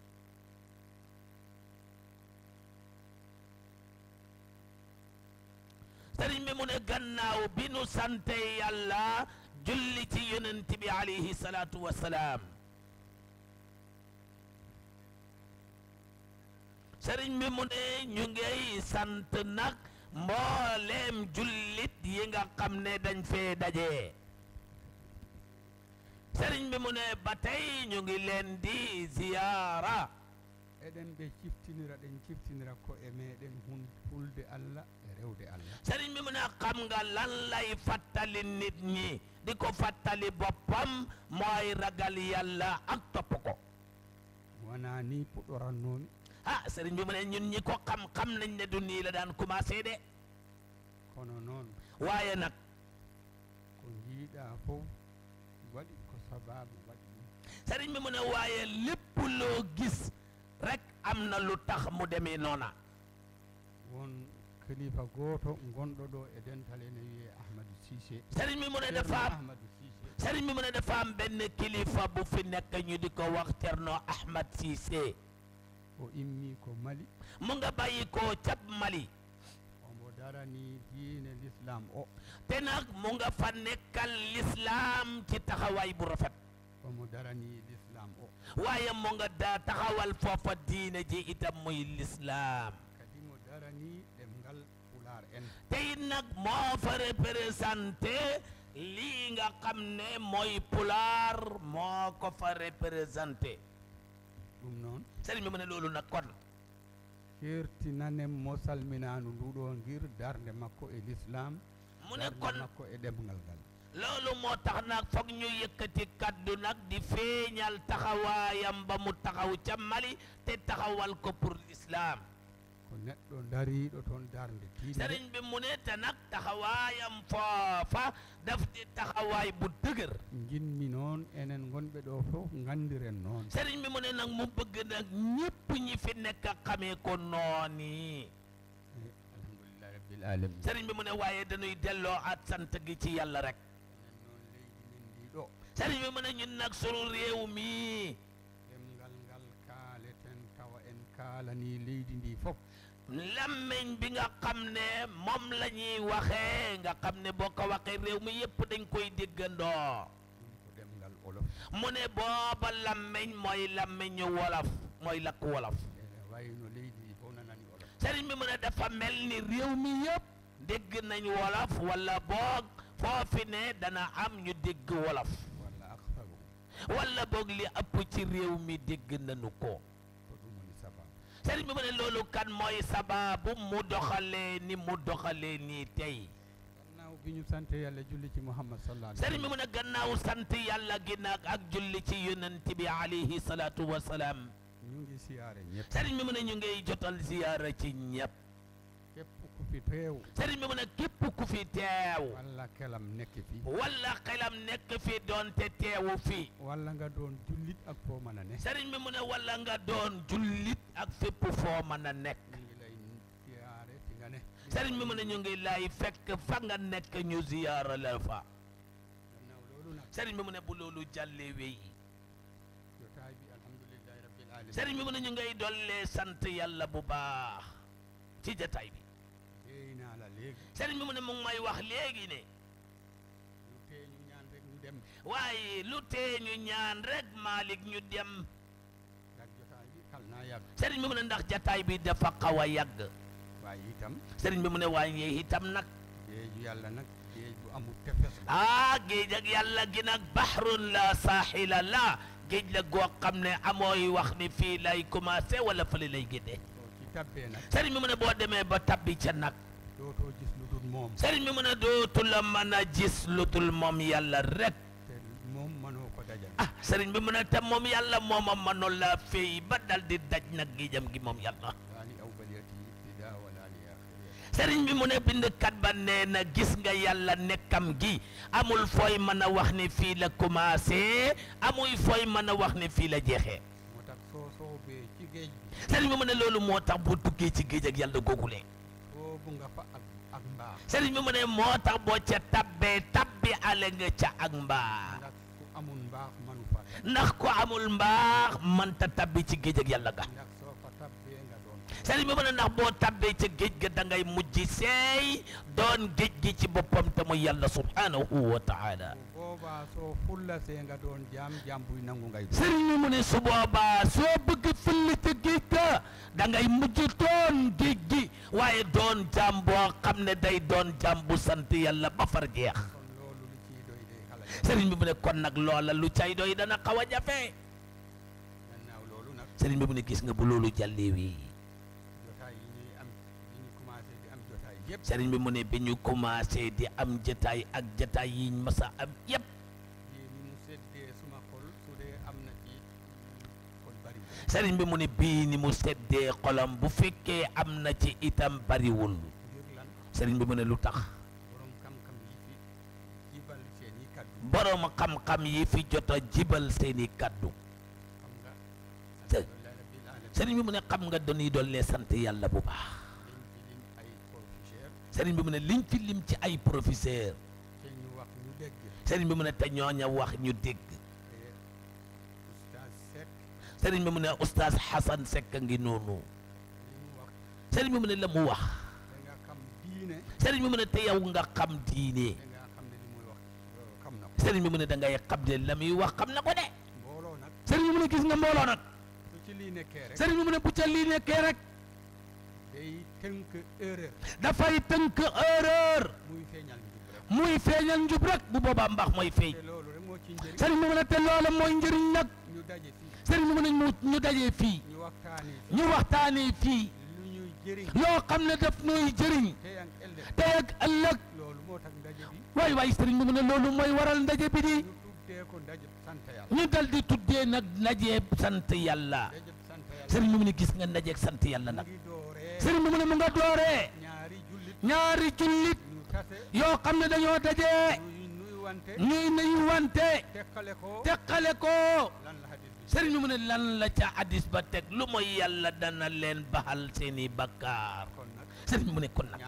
sëriñ bi mu ne gannaaw bi nu sante yàlla julli ci yonent bi alayhi salaatu wasalaam sëriñ bi mu ne ñu ngay sant nag mbooleem jullit yi nga xam ne dañ fee daje sëriñ bi mu ne ba tey ñu ngi leen di ziyaara eɗen ɓe ciftinira ɗen ciftinira koye meɗen hun hulde allah e rewde sëriñ bi mu ne xam nga lan lay fàttali nit ñi di ko fàttali boppam mooy ragal yàlla ak topp ko ni nii puɗoran noomi ah sëriñ bi mu ne ñun ñi ko xam-xam nañ ne du nii la daan commencé de kono noon waaye nag ko njiiɗaa fof waɗi ko sababu waɗi ɗum sëriñ bi mu ne waaye lépp loo gis rek am na lu tax mu demee noona kalifa goto gonɗo ɗo e dental ene wiye ahmadou sisé sëriñ mi mu ne dafa am sëriñ mi mu ne dafa benn kilifa bu fi nekk ñu di ko wax Cerno Ahmad Sisé o immi ko Mali mu nga bàyyi ko cap Mali omo darani diine l'islam o te nag nga fa nekkal l'islam ci taxawaay bu rafet omo darani l'islam o waaye mu nga da taxawal foofa diine ji itam muy l'islam tey nag moo fa représenté lii nga xam ne mooy pulaar moo ko fa représenté ɗum noon sëriñ bi mu ne loolu nag kon firtinanen mo salminanu nduɗo ngir darde makko e l'islam mu ne kon makko e loolu moo tax nag foog ñu yëkkati kaddu nag di feeñal taxawaayam ba mu taxaw ca Mali te taxawal ko pour l'islam ko neɗɗo dariɗo toon darde tiɗ sérigne ɓe mune tanak tahawayam foofa dafde tahaway bu dëgër jinmi noon enen gonɓe ɗo fof gandiren noon sérigne ɓe mune nag mu bëgg nag ñëpp ñi fi nekk xamee ko nooni eh, alhamdulillah rabbil alamin sérigne ɓe mune waaye dañuy delloo at sant gi ci yàlla rek noon leydi men nag sunu leydi ndi fof làmmiñ bi nga xam ne moom lañuy ñuy waxee nga xam ne boo ko waxee réew mi yépp dañ koy déggandoo mu ne booba làmmiñ mooy làmmiñu wolof mooy lakk wolof sëriñ bi mu ne dafa mel ni réew mi yépp dégg nañu wolof walla boog foofi ne dana am ñu dégg wolof walla boog li ëpp ci réew mi dégg nañu ko sëriñ bi mu ne loolu kan mooy sababu mu doxalee ni mu doxalee nii tey. gannaaw bi ñu sante yàlla julli ci Muhammad sallallahu alayhi sëriñ bi mu ne gannaaw sant yàlla gi nag ak julli ci yonent bi alayhi salaatu wa salaam. ñu ngi siyaare ñëpp sëriñ bi mu ne ñu ngay jotal siyaara ci ñëpp. fi teew bi mu ne képp ku fi teew walla xelam nekk fi walla xelam fi doonte teewu nga doon jullit ak foo mën a ne sëriñ bi mu ne walla nga doon jullit ak fépp foo mën a nekk sëriñ bi mu ne ñu ngi lay fekk fa nga nekk ñu ziyaara la fa sëriñ bi mu ne bu loolu jàllee wéy sëriñ bi mu ne ñu ngay dollee sant yàlla bu baax ci jataay bi sëriñ bi mu ne mu ngi may wax léegi ne. waaye lu tee ñu ñaan rek Malick ñu dem. sëriñ bi mu ne ndax jataay bi dafa xaw a yàgg. waaye itam. bi mu ne waaye itam nag. yàlla nag géej bu amul tefes la. ah géej ak yàlla gi nag baxrun la saaxila la géej la goo xam ne amooy wax ni fii lay commencé wala fële lay génnee. sëriñ bi mun ne boo demee ba tabbi ca nag. moom sëriñ bi mu ne dootu la mën gis lutul moom yàlla rek sëriñ ah, bi mu ne te moom yàlla mooma mënul la fey ba dal di daj nag géejam gi moom yàlla bi mu ne bindkat ba nee na gis nga yàlla nekkam gi amul fooy mën a wax ni fii la commencé amul fooy mën a wax ni fii la jeexee sëriñ bi mu ne loolu moo tax boo duggee ci géej ak yàlla googule sëriñ bi mu ne moo tax boo ca tabbee tabbi ale nga ca ak mbaax ndax ku amul mbaax mënta tabbi ci géej ak yàlla ga sëriñ bi mën a ndax boo tàbbee ca géej ga dangay ngay mujj seey doon géej gi ci boppam te muy yàlla subhanahu wa taala sëriñ bi mu ne su boobaa soo bëgg fëll ca géej ga da ngay mujj doon géej gi waaye doon jaam boo xam ne day doon jaam bu sant yàlla ba far jeex sëriñ bi mu ne kon nag loola lu cay doy dana xaw a jafe sëriñ bi mu ne gis nga bu loolu jàllee wii seriñ bi mu ne bi ñu commencé di am jataay ak jataay yiñ masa am yépp sëriñ bi mu ne bii ni mu seddee xolam bu fekkee am na ci itam bariwul sëriñ bi mu ne lu tax boroom xam-xam yi fi jot jibal seeni kàddu sëriñ bi mu ne xam nga dañuy dollee sant yàlla bu baax sëriñ bi mu ne liñ fi lim ci ay professeur sëriñ bi mu ne te ñooña wax ñu dégg sëriñ bi mu ne oustaz Xasan Seck ngi noonu sëriñ bi mu ne la mu wax sëriñ bi mu ne te yow nga xam diine sëriñ bi mu ne da ngay xam ne la muy wax xam na ko de sëriñ bi mu ne gis nga mbooloo nag sëriñ bi mu ne bu ca lii nekkee rek day tënk erreur. dafay tënk erreur. muy feeñal njub rek. muy feeñal njub rek bu boobaa mbax mooy feeñ. sëriñ bi mu ne te loolu mooy njëriñ nag. sëriñ bi mu ne ñu dajee fii. ñu waxtaanee fii. loo xam ne daf nuy jëriñ. tey ak ëllëg. waay waay sëriñ bi mu ne loolu mooy waral ndaje bi di. ñu dal di tuddee nag ndaje sant yàlla. sëriñ bi mu ne gis nga ndaje sant yàlla nag. sëriñ bi mu ne mu nga dooree ñaari jullit yoo xam ne dañoo dajee ñuy nuyu wante teqale ko sëriñ bi mu ne lan la ca hadis ba teg lu mooy yàlla dana leen baxal seeni bakkaar sëriñ bi mu ne kon nag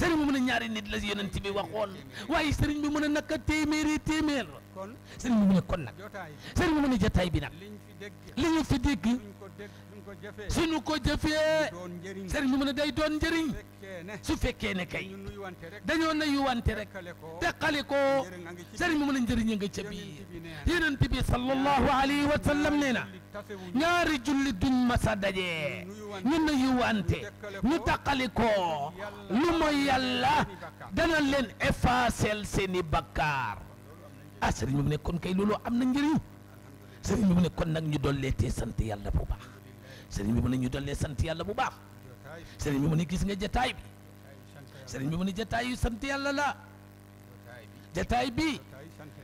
sëriñ bi mu ne ñaari nit la yonent bi waxoon waaye sëriñ bi mu ne naka téeméeri téeméer sëriñ bi mu ne kon nag sëriñ bi mu ne jotaay bi nag li ñu fi dégg suñu ko jëfee sëriñ bi mu ne day doon njëriñ su fekkee ne kay dañoo nayu wante rek teqale ko sëriñ bi mu ne njëriñ nga ca biir yonent bi sallallahu alayhi wa sallam nee na ñaari julli duñ masa daje ñu nayu wante ñu teqale ko lu mooy yàlla dana leen effacer seeni bakkaar ah sëriñ bi mu kon kay loolu am na njëriñ sëriñ bi mu ne kon nag ñu dollee te sant yàlla bu baax. sëriñ bi mu ne ñu dollee sant yàlla bu baax sëriñ bi mu ne gis nga jataay bi sëriñ bi mu ne jataay yu sant yàlla la jataay bi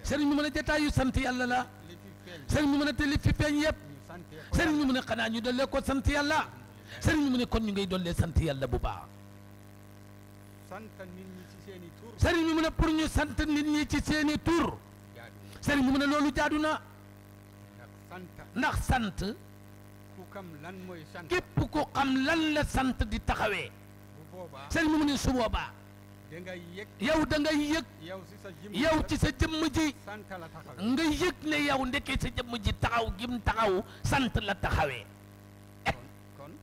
sëriñ bi mu ne jataay yu sant yàlla la sëriñ bi mu ne te li fi feeñ yëpp sëriñ bi mu ne xanaa ñu dollee ko sant yàlla sëriñ bi mu ne kon ñu ngay dollee sant yàlla bu baax sëriñ bi mu ne pour ñu sant nit ñi ci seeni tur sëriñ bi mu ne loolu jaadu na ndax sant képp ku xam lan la sant di taxawee sëriñ bi mu ne su boobaa yow da ngay yëg yow ci sa jëmm ji nga yëg ne yow ndeke sa jëmm ji taxaw gim taxaw sant la taxawee eh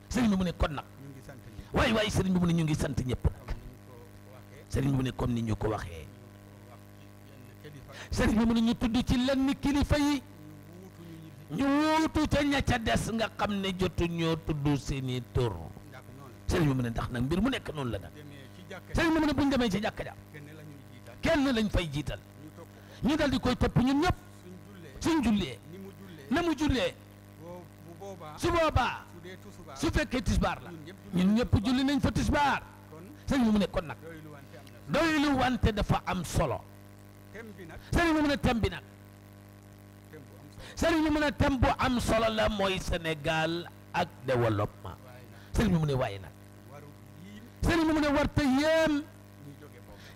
sëriñ bi mu ne kon nag waaye waaye sëriñ bi mu ne ñu ngi sant ñëpp nag sëriñ bi mu ne comme ni ñu ko waxee sëriñ bi mu ne ñu tudd ci lenn kilifa yi ñu wuutu ca ña ca des nga xam ne jotu ñoo tudd seeni tur sëriñ bi mu ne ndax nag mbir mu nekk noonu la nag sëriñ bi mu ne bu ñu demee ci jàkka ja kenn lañ fay jiital ñu dal di koy topp ñun ñëpp suñ jullee na mu jullee su boobaa su fekkee tisbaar la ñun ñëpp julli nañ fa tisbaar sëriñ bi mu ne kon nag doylu wante dafa am solo sëriñ bi mu ne tem bi nag sëriñ bi mu a thème bu am solo la mooy Sénégal ak développement sëriñ bi mu ne waaye nag sëriñ bi mu ne warta yéem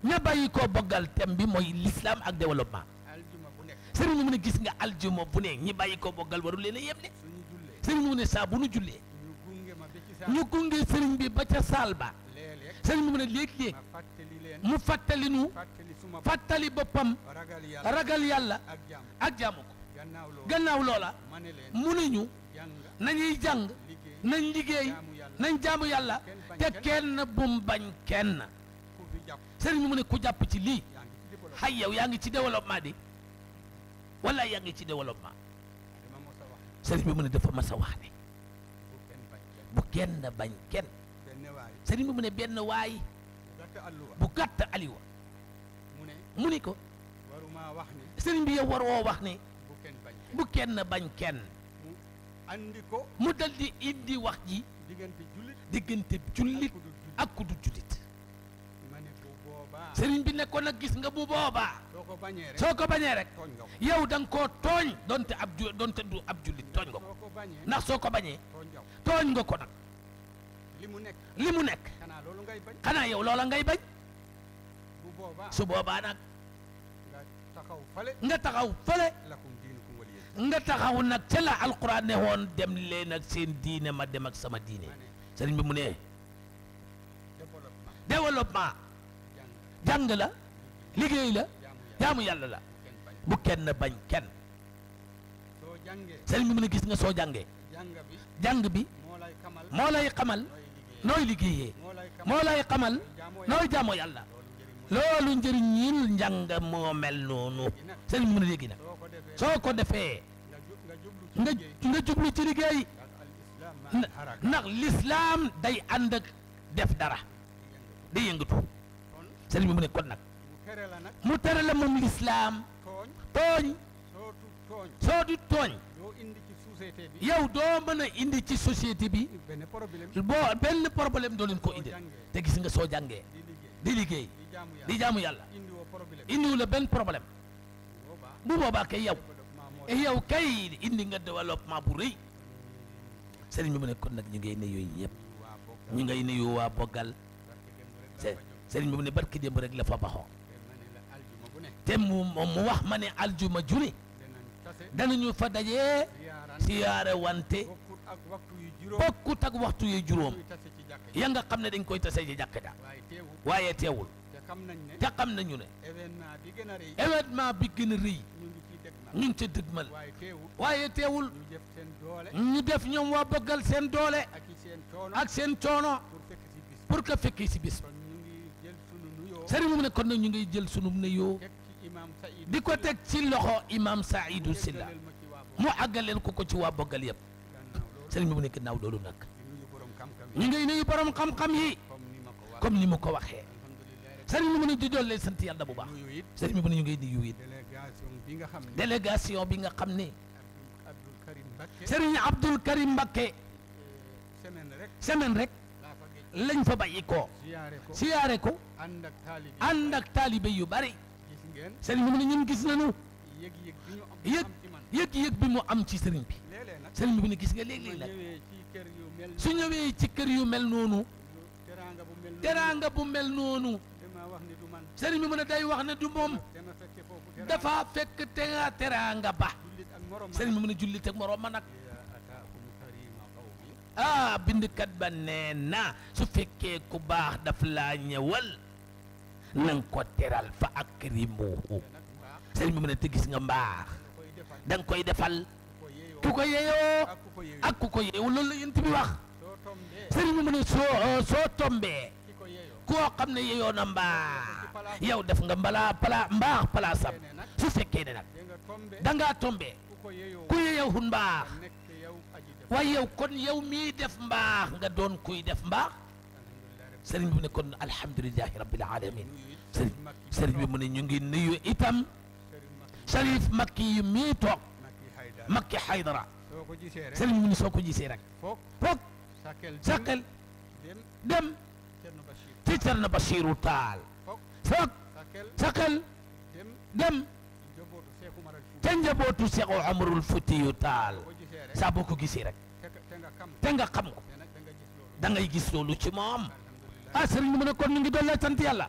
ña bàyyi koo boggal thème bi mooy l'islam ak développement sëriñ bi mu ne gis nga aljuma bu ne ñi bàyyi koo boggal waru leen a yéem de sëriñ bi mu ne saa bu nu jullee ñu gunge sëriñ bi ba ca saal ba sëriñ bi mu ne léeg-léeg mu fàttali nu fàttali boppam ragal yàlla ak jaamu ko gannaaw loola mu ne ñu nañuy jàng nañ liggéey nañ jaamu yàlla te kenn bum bañ kenn sëriñ bi mu ne ku jàpp ci lii xay yow yaa ngi ci développement di wala ngi ci développement sëriñ mu ne dafa mas wax ne bu kenn bañ kenn sëriñ bi mu ne benn waay bu gàtt aliwa mu ni ko sëriñ bi yow waroo wax ne bu kenn bañ kenn. mu andi ko. mu dal di indi wax ji. diggante jullit diggante ak ku du jullit. sëriñ bi nekkoon ko gis nga bu boobaa. soo ko bañee rek soo ko bañee rek. yow da nga koo tooñ. donte ab ju du ab jullit tooñ nga ko. ndax soo ko bañee. tooñ nga ko nag. li mu nekk li mu nekk. xanaa loolu ngay bañ. yow loola ngay bañ. su boobaa nag. nga taxaw nga taxaw fële. nga taxaw nag ca la alquran ne woon dem leen ak seen diine ma dem ak sama diine sëriñ bi mu ne développement jàng la liggéey la jaamu yàlla la bu kenn bañ kenn sëriñ bi mu ne gis nga soo jàngee jàng bi moo lay xamal nooy liggéeyee moo lay xamal nooy jaamu yàlla loolu njëriñ ñil njàng moo mel noonu sëriñ mën a léegi nag soo ko defee nga nga jublu ci liggéey ndax lislaam day ànd ak def dara day yëngatu sëriñ bi mu ne kon nag mu tere la moom lislaam tooñ soo du tooñ yow doo mën a indi ci société bi boo benn problème doo leen ko indi te gis nga soo jàngee di liggéey di jaamu yàlla indiwu la benn problème bu boobaa kay yow eh yow kay indi nga développement bu rëy sëriñ bi mu ne kon nag ñu ngay ne yooyu yëpp ñu ngay nuyu waa Bogal sëriñ bi mu ne barki démb rek la fa baxoo te mu mu wax ma ne aljuma june danañu fa dajee siyaare wante bokkut ak waxtu yu juróom ya nga xam ne dañ koy tase ci jàkka ja waaye teewul te xam nañu ne événement bi gën a rëy ñu ngi ca dëgmal waaye teewul ñu def ñoom waa bëggal seen doole ak seen coono pour que fekkee si bis sëriñ mu ne kon nag ñu ngi jël sunu nuyoo di ko teg si loxo imam Saïdou Silla mu àggaleel ko ko ci waa bëggal yëpp sëriñ mu ne ginnaaw loolu nag ñu ngi nuyu borom xam-xam yi comme ni mu ko waxee sëriñ bi mu ne di dolli sant yàlla bu baax sëriñ bi mu ne ñu ngay di yuwit délégation bi nga xam ne sëriñ Abdul Karim Mbakke eh, semaine rek lañ fa bàyyi ko siyaare ko ànd ak taalibe yu bari sëriñ bi mu ne ñun gis nañu yëg yëg-yëg bi mu am ci sëriñ bi sëriñ bi mu ne gis nga léeg-léeg nag su ñëwee ci kër yu mel noonu teraanga bu mel noonu sëriñ bi mu day wax ne du moom dafa fekk tera teraanga ba sëriñ bi mu ne jullit ak moroom ma nag ah bindkat ba nee su fekkee ku baax daf laa ñëwal na nga ko teral fa akrimuhu sëriñ bi mu te gis nga mbaax da koy defal ku ko yeyoo ak ku ko yeyoo loolu la bi wax sëriñ bi mu soo soo tombee koo xam ne yeyoo na mbaax yow def nga mbala pala mbaax palaasam su fekkee ne nag da ngaa tombe ku yeyow hun mbaax waaye yow kon yow mii def mbaax nga doon kuy def mbaax sëriñ bi ne kon alhamdulilahi rabbil alamin sëriñ mu ne ñu ngi nuyu itam Sharif Makki mii toog Makki Haydara sëriñ mu ne soo ko gisee rek foog dem ci Cerno Basiiru Taal foog sakkal dem ca njabootu Seex Umarul Futiyu Taal saa boo ko gisee rek te nga xam ko da ngay gis loolu ci moom a ah, sëriñ bi mu ne kon ñu ngi doon sant yàlla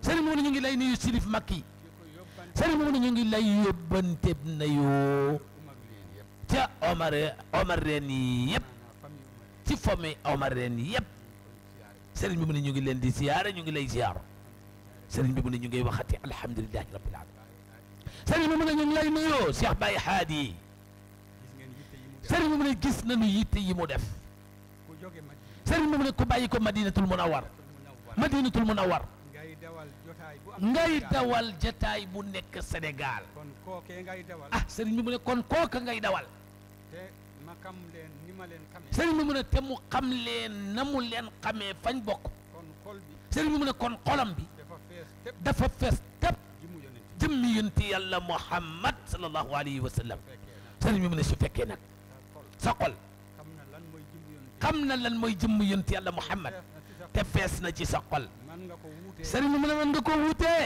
sëriñ bi mu ne ñu ngi lay nuyu Sirif Makki sëriñ bi mu ne ñu ngi lay yóbbante na yoo ca Omar Omar reen yëpp ci famille Omar reen yëpp seri bi mu ne ñu leen di ziyaare ñu ngi lay ziyaar sëriñ bi mu ne ñu ngay waxati alhamdulilahi rabbil alamin sëriñ bi mu ne ñu ngi lay nuyoo Cheikh Baye Haadi sëriñ bi mu ne gis nañu yitte yi mu def sëriñ bi mu ne ku bàyyi ko madinatul munawar madinatul munawar ngay dawal jataay bu nekk Sénégal ah sëriñ bi mu ne kon kooka ngay dawal sëriñ bi mu ne te mu xam leen na mu leen xamee fañ bokk sëriñ bi mu ne kon xolam bi dafa fees tëpp jëmmi yonti yàlla muhammad sallallahu alayhi wa sallam sëriñ bi mu ne su fekkee nag sa xol xam na lan mooy jëmm yonti yàlla muhammad te fees na ci sa xol sëriñ bi mu ne man nga ko wuutee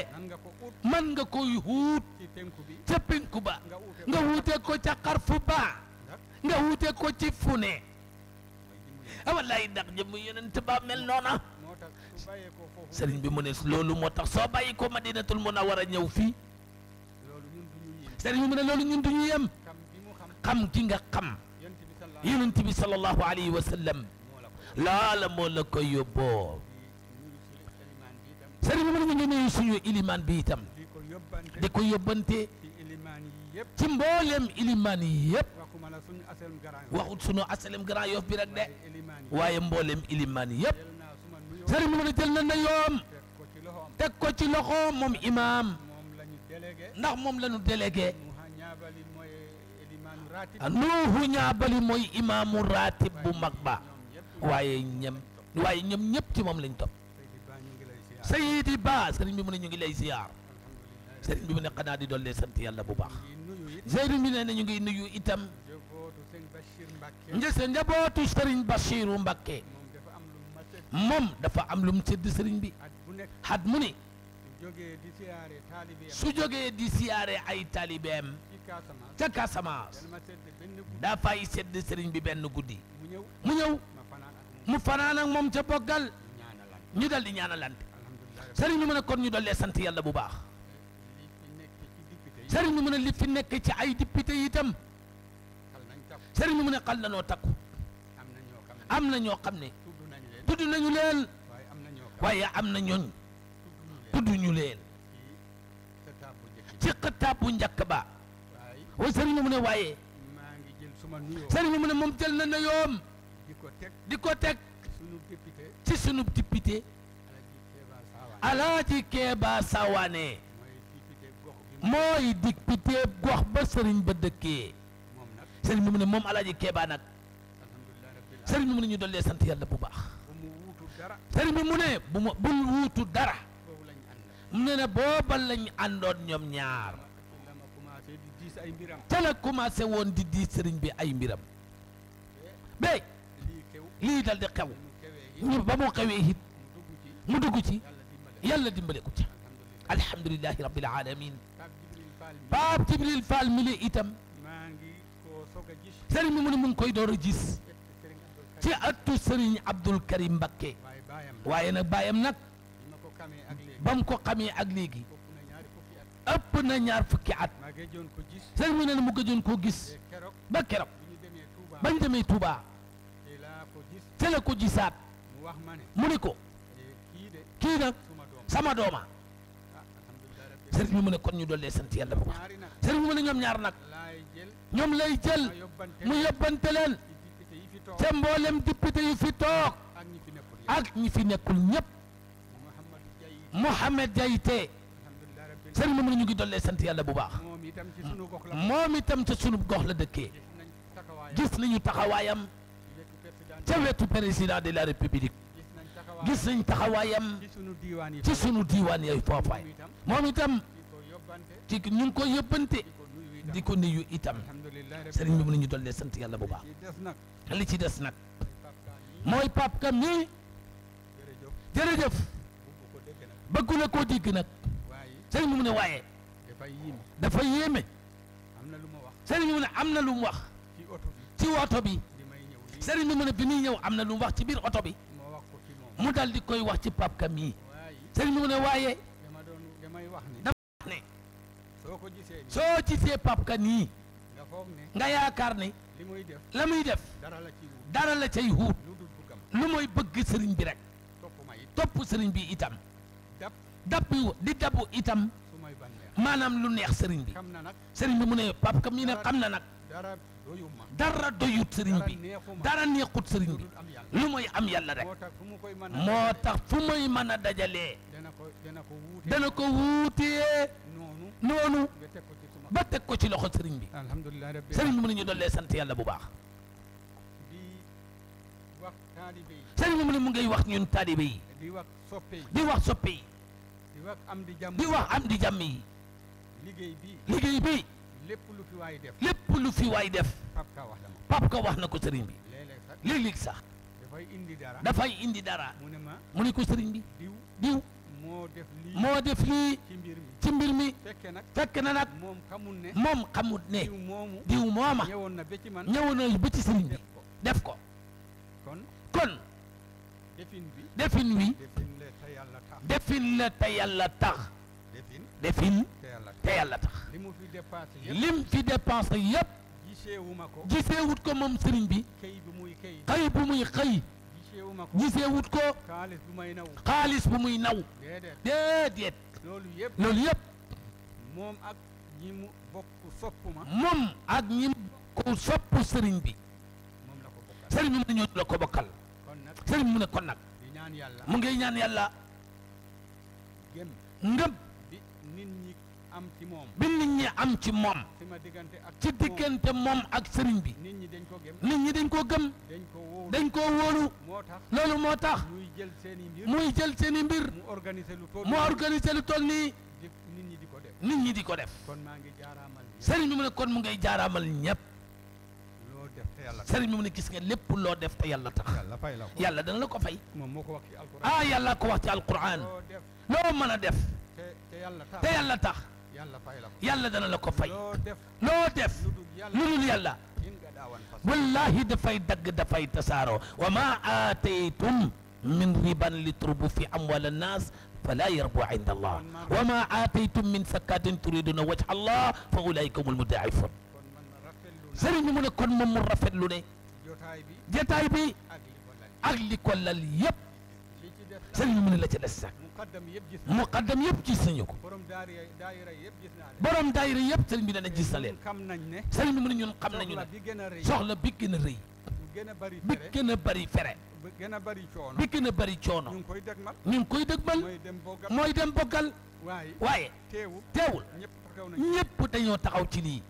man nga koy huut ca penku ba nga wuutee ko ca xarfu ba nga wute ko ci fu ne wallaay ndax jëmm yeneen ba mel noona sëriñ bi mu ne loolu moo tax soo bàyyi ko madinatul munawwara ñëw fii sëriñ bi mu ne loolu ñun duñu yem xam ci nga xam yonent bi sallallahu alayhi wa sallam la moo la ko yóbboo sëriñ bi mu ne ñu ngi nuyu suñu ilimaan bi itam di ko yóbbante ci mbooleem ilimaan yi yëpp waxut sunu asalem Grand Yoff bi rek de waaye mboolem ilimaan yëpp sëriñ bi mu ne jël na nayoom teg ko ci loxoom moom imaam ndax moom la ñu délégué nuuhu ñaabali mooy imaamu raatib bu mag ba waaye ñem waaye ñoom ñëpp ci moom lañ topp sayidi ba sëriñ bi mu ne ñu ngi lay ziar sëriñ bi mu ne xanaa di doon lee sant yàlla bu baax sëriñ bi ne ñu ngi nuyu itam njëse njabootu sëriñ Bachiru Mbacke moom dafa am lu mu sedd sëriñ bi xat mu ni su jógee di siyaare ay taalibeem ca Casamance dafay sedd sëriñ bi benn guddi mu ñëw mu fanaan ak moom ca boggal ñu dal di ñaanalante sëriñ bi mu ne kon ñu dollee sant yàlla bu baax sëriñ bi mu ne li fi nekk ci ay député itam sëriñ mu ne xal na noo takku am na ñoo xam ne tudd nañu leen waaye am na ñooñ tudd ñu leen ci xëtaab bu njëkk ba waaye sëriñ mu ne waaye sëriñ mu ne moom jël na na yoom di ko teg ci sunu député alaaji Keeba Sawaane mooy député gox ba sëriñ ba dëkkee sëriñ bi mu ne moom alaaji Keeba nag sëriñ bi mu ñu dollee sant yàlla bu baax sëriñ bi mu ne bu ma bul wuutu dara mu ne booba lañ àndoon ñoom ñaar ca la commencé woon di diis sëriñ bi ay mbiram ba lii dal di xew ñu ba mu xewee it mu dugg ci yàlla dimbale ko ca alhamdulilahi rabbil alamin Pape Djibril Fall itam sëriñ bi mu ne mu ngi koy door a gis ci attu sëriñ Abdul Karim Mbakke waaye nag baayam nag ba mu ko xamee ak léegi ëpp na ñaar fukki at sëriñ mu ne mu gëjoon koo gis ba keroog bañ demee Touba te la ko gisaat mu ne ko kii nag sama dooma sëriñ bi mu ne kon ñu dollee sant yàlla bu baax sëriñ mu ne ñoom ñaar nag ñoom lay jël mu yóbbante leen ca mboolem député yu fi toog ak ñi fi nekkul ñëpp Mouhamed Diaité sëriñ moom la ñu ngi dollee sant yàlla bu baax moom itam ca sunu gox la dëkkee gis nañu taxawaayam ca wetu président de la république gis nañ taxawaayam ci sunu diiwaan yooyu foofaay moom itam ci ñu ngi ko yóbbante di ko nuyu itam sëriñ bi mu ne ñu dollee sant yàlla bu baax li ci des nag mooy Pape Ka mii jërëjëf bëggu na koo dégg nag sëriñ bi mu ne waaye dafa yéeme sëriñ bi mu ne am na lu mu wax ci oto bi sëriñ bi mu ne bi muy ñëw am na lu wax ci biir oto bi mu dal di koy wax ci Pape mii sëriñ bi mu ne waaye dafa wax ne soo gisee Pape nii nga yaakaar ne la muy def dara la cay huut lu mooy bëgg sëriñ bi rek topp sëriñ bi itam dabbu di dabbu itam maanaam lu neex sëriñ bi sëriñ bi mu ne pap kam yi ne xam na nag dara doyut sëriñ bi dara neexut sëriñ bi lu mooy am yàlla rek moo tax fu muy mën a dajalee dana ko wuutee noonu ba teg ko ci loxo sëriñ bi alhamdulilah rabbi sëriñ bi mën nañu dollee sant yàlla bu baax di bi mu mu ngay wax ñu taalibe yi di wax soppe yi di wax soppe yi wax am di jàmm yi liggéey bi lépp lu fi waay def lépp lu fi waay def pap ka wax na ko sëriñ bi léeg-léeg sax dafay indi dara dafay indi dara mu ne ko sëriñ bi moo def lii moo def lii ci mbir mi fekk na nag moom xamul ne diw mooma ñëwoon na ba ci sëriñ bi def ko kon defin wi defin la te yàlla tax defin te yàlla tax lim fi dépensé yépp giseewut ko moom sëriñ bi xëy bu muy xëy gisee wut ko xaalis bu muy naw déedéet loolu yëpp moom ak ñi mu bokk sopp sëriñ bi sëriñ bi mu ne ñooñu la ko bokkal sëriñ bi mu ne kon nag mu ngay ñaan yàlla ngëm bi nit ñi am ci moom bi nit ñi am ci moom ci diggante moom ak sëriñ bi nit ñi dañ koo gëm dañ koo wóolu loolu moo tax muy jël seen i mbir mu organiser lu toll nii nit ñi di ko def sëriñ bi mu ne kon mu ngay jaaraamal ñëpp sëriñ bi mu ne kis nga lépp loo def te yàlla tax yàlla dana la ko fay ah yàlla ko wax ci alquran loo mën a def te yàlla tax yàlla dana la ko fay loo def lu dul yàlla wallahi dafay dagg dafay tasaaroo wa maa aataytum min riban li turbu fi amwal annaas fala yarbu inda allah wa maa aataytum min zakkatin turiduna wajha allah fa ulaika humul mudaafun sëriñ bi mu ne kon moom mu rafetlu ne jotaay bi ak li ko lal yëpp sëriñ bi mu ne la ca des sax muqaddam yëpp gis nañu ko borom daayira yëpp sëriñ bi dana gis na leen sëriñ bi mu ne ñun xam nañu ne soxla bi gën a rëy bi gën a bari fere bi gën a bari coono ñu ngi koy dëgmal mooy dem boggal waaye teewul ñëpp dañoo taxaw ci lii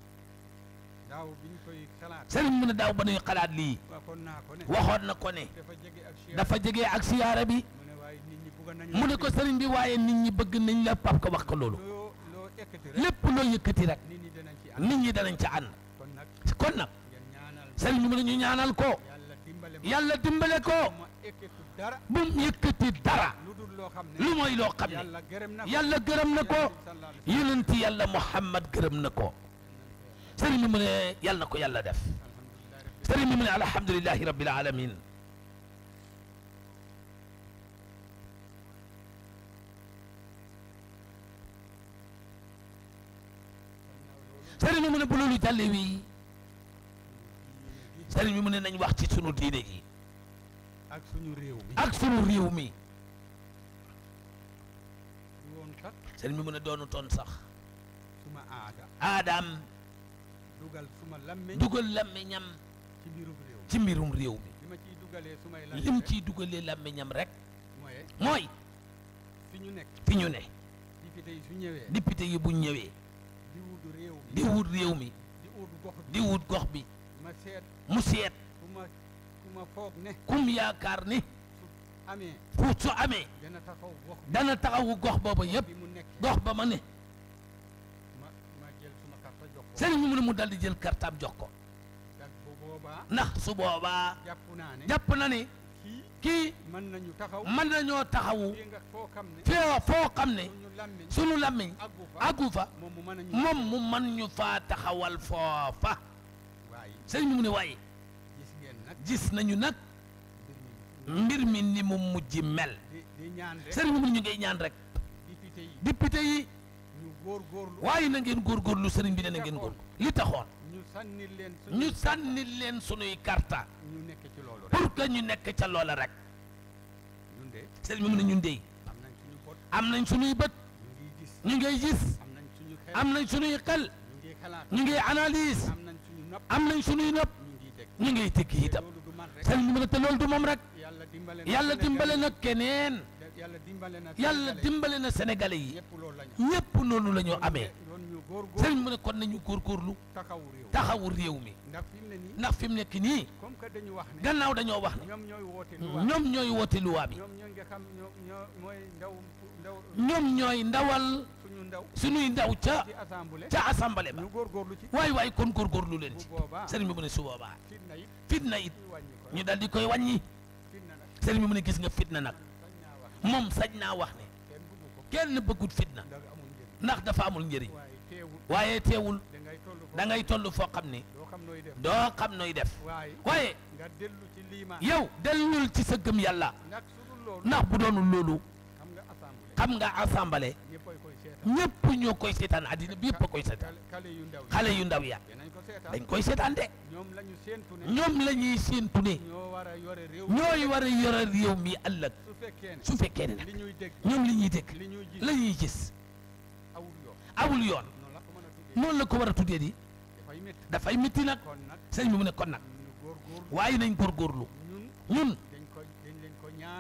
sëriñ mu a daaw ba nuy xalaat lii waxoon na ko ne dafa jege ak siyaara bi mu ne ko sëriñ bi waaye nit ñi bëgg nañ la pap ko wax ko loolu lépp loo yëkkati rek nit ñi danañ ci ànd kon nag sëriñ bi mu ne ñu ñaanal ko yalla dimbale ko bu mu dara lu mooy loo xam ne yàlla gërëm na ko yonent yàlla Muhammad gërëm na ko sëriñ bi mu ne yàlla na ko yàlla def sëriñ bi mu ne alhamdulillahi rabbil alamin sëriñ bi mu ne bu loolu jàllee wii sëriñ bi mu ne nañ wax ci sunu diine gi ak suñu réew mi ak sunu réew mi sëriñ bi mu ne doonu toon sax suma aada aadaam dugal suma lamme dugal lamme ñam ci mbirum réew ci mbirum réew mi lim ciy dugalee lamme ñam rek mooy fi ñu nekk fi ñu ne député yi bu ñëwee di wut réew mi di wut gox bi mu seet kum yaakaar ni fu su amee dana taxawu gox booba yépp gox ba ma ne sëriñ bi mu ne mu dal di jël kartaam jox ko ndax su boobaa jàpp na ni kii mën nañu taxaw mën nañoo taxawu fee foo xam ne suñu làmmiñ àggu fa moom mu mën ñu faa taxawal foofa sëñ bi mu ne waaye gis nañu nag mbir mi ni mu mujj mel sëriñ bi mu ne ñu ngay ñaan rek député yi waaye na ngeen góorgóorlu sëriñ bi ne na ngeen góorgóorlu li taxoon ñu sànni leen suñuy karta pour que ñu nekk ca loola rek sëriñ bi mu ne ñun dey am nañ suñuy bët ñu ngay gis am nañ suñuy xel ñu ngi analyse am nañ suñuy nopp ñu ngiy tekki itam sëriñ bi mu ne te loolu du moom rek yàlla dimbale na keneen yàlla dimbale na sénégalais yi ñépp noonu la ñu amee sëriñ mu ne kon nañu góorgóorlu taxawu réew mi ndax fi mu ne nii mu nekk nii. comme que dañu wax ne dañoo wax ne. ñoom ñooy woote luwa ñoom ñooy woote luwa bi. ñoom ñooy ñoo ñoo mooy ndaw ndaw. ñoom ñooy ndawal. suñu ndaw suñuy ndaw ca. ci assemblée ca assemblée ba. ci waay waay kon góorgóorlu leen ci. sëriñ bi mu ne su boobaa. fitna it fitna it ñu dal di koy wàññi. sëriñ bi mu ne gis nga fitna nag moom sañ naa wax ne kenn bëggut fitna ndax dafa amul njëriñ waaye teewul da ngay toll foo xam ne. doo xam nooy def waaye yow dellul ci sa gëm yàlla ndax bu doonul loolu xam nga assemblée ñëpp ñoo koy seetaan addina bi yëpp a koy seetaan xale yu ndaw ya dañ koy seetaan de ñoom la ñuy séentu ne ñooy war a yore réew mi ëllëg su fekkee ne nag ñoom li ñuy dégg la ñuy gis awul yoon noonu la ko war a tuddee di dafay mitti nag sëñ mi mu ne kon nag waaye nañ góorgóorlu ñun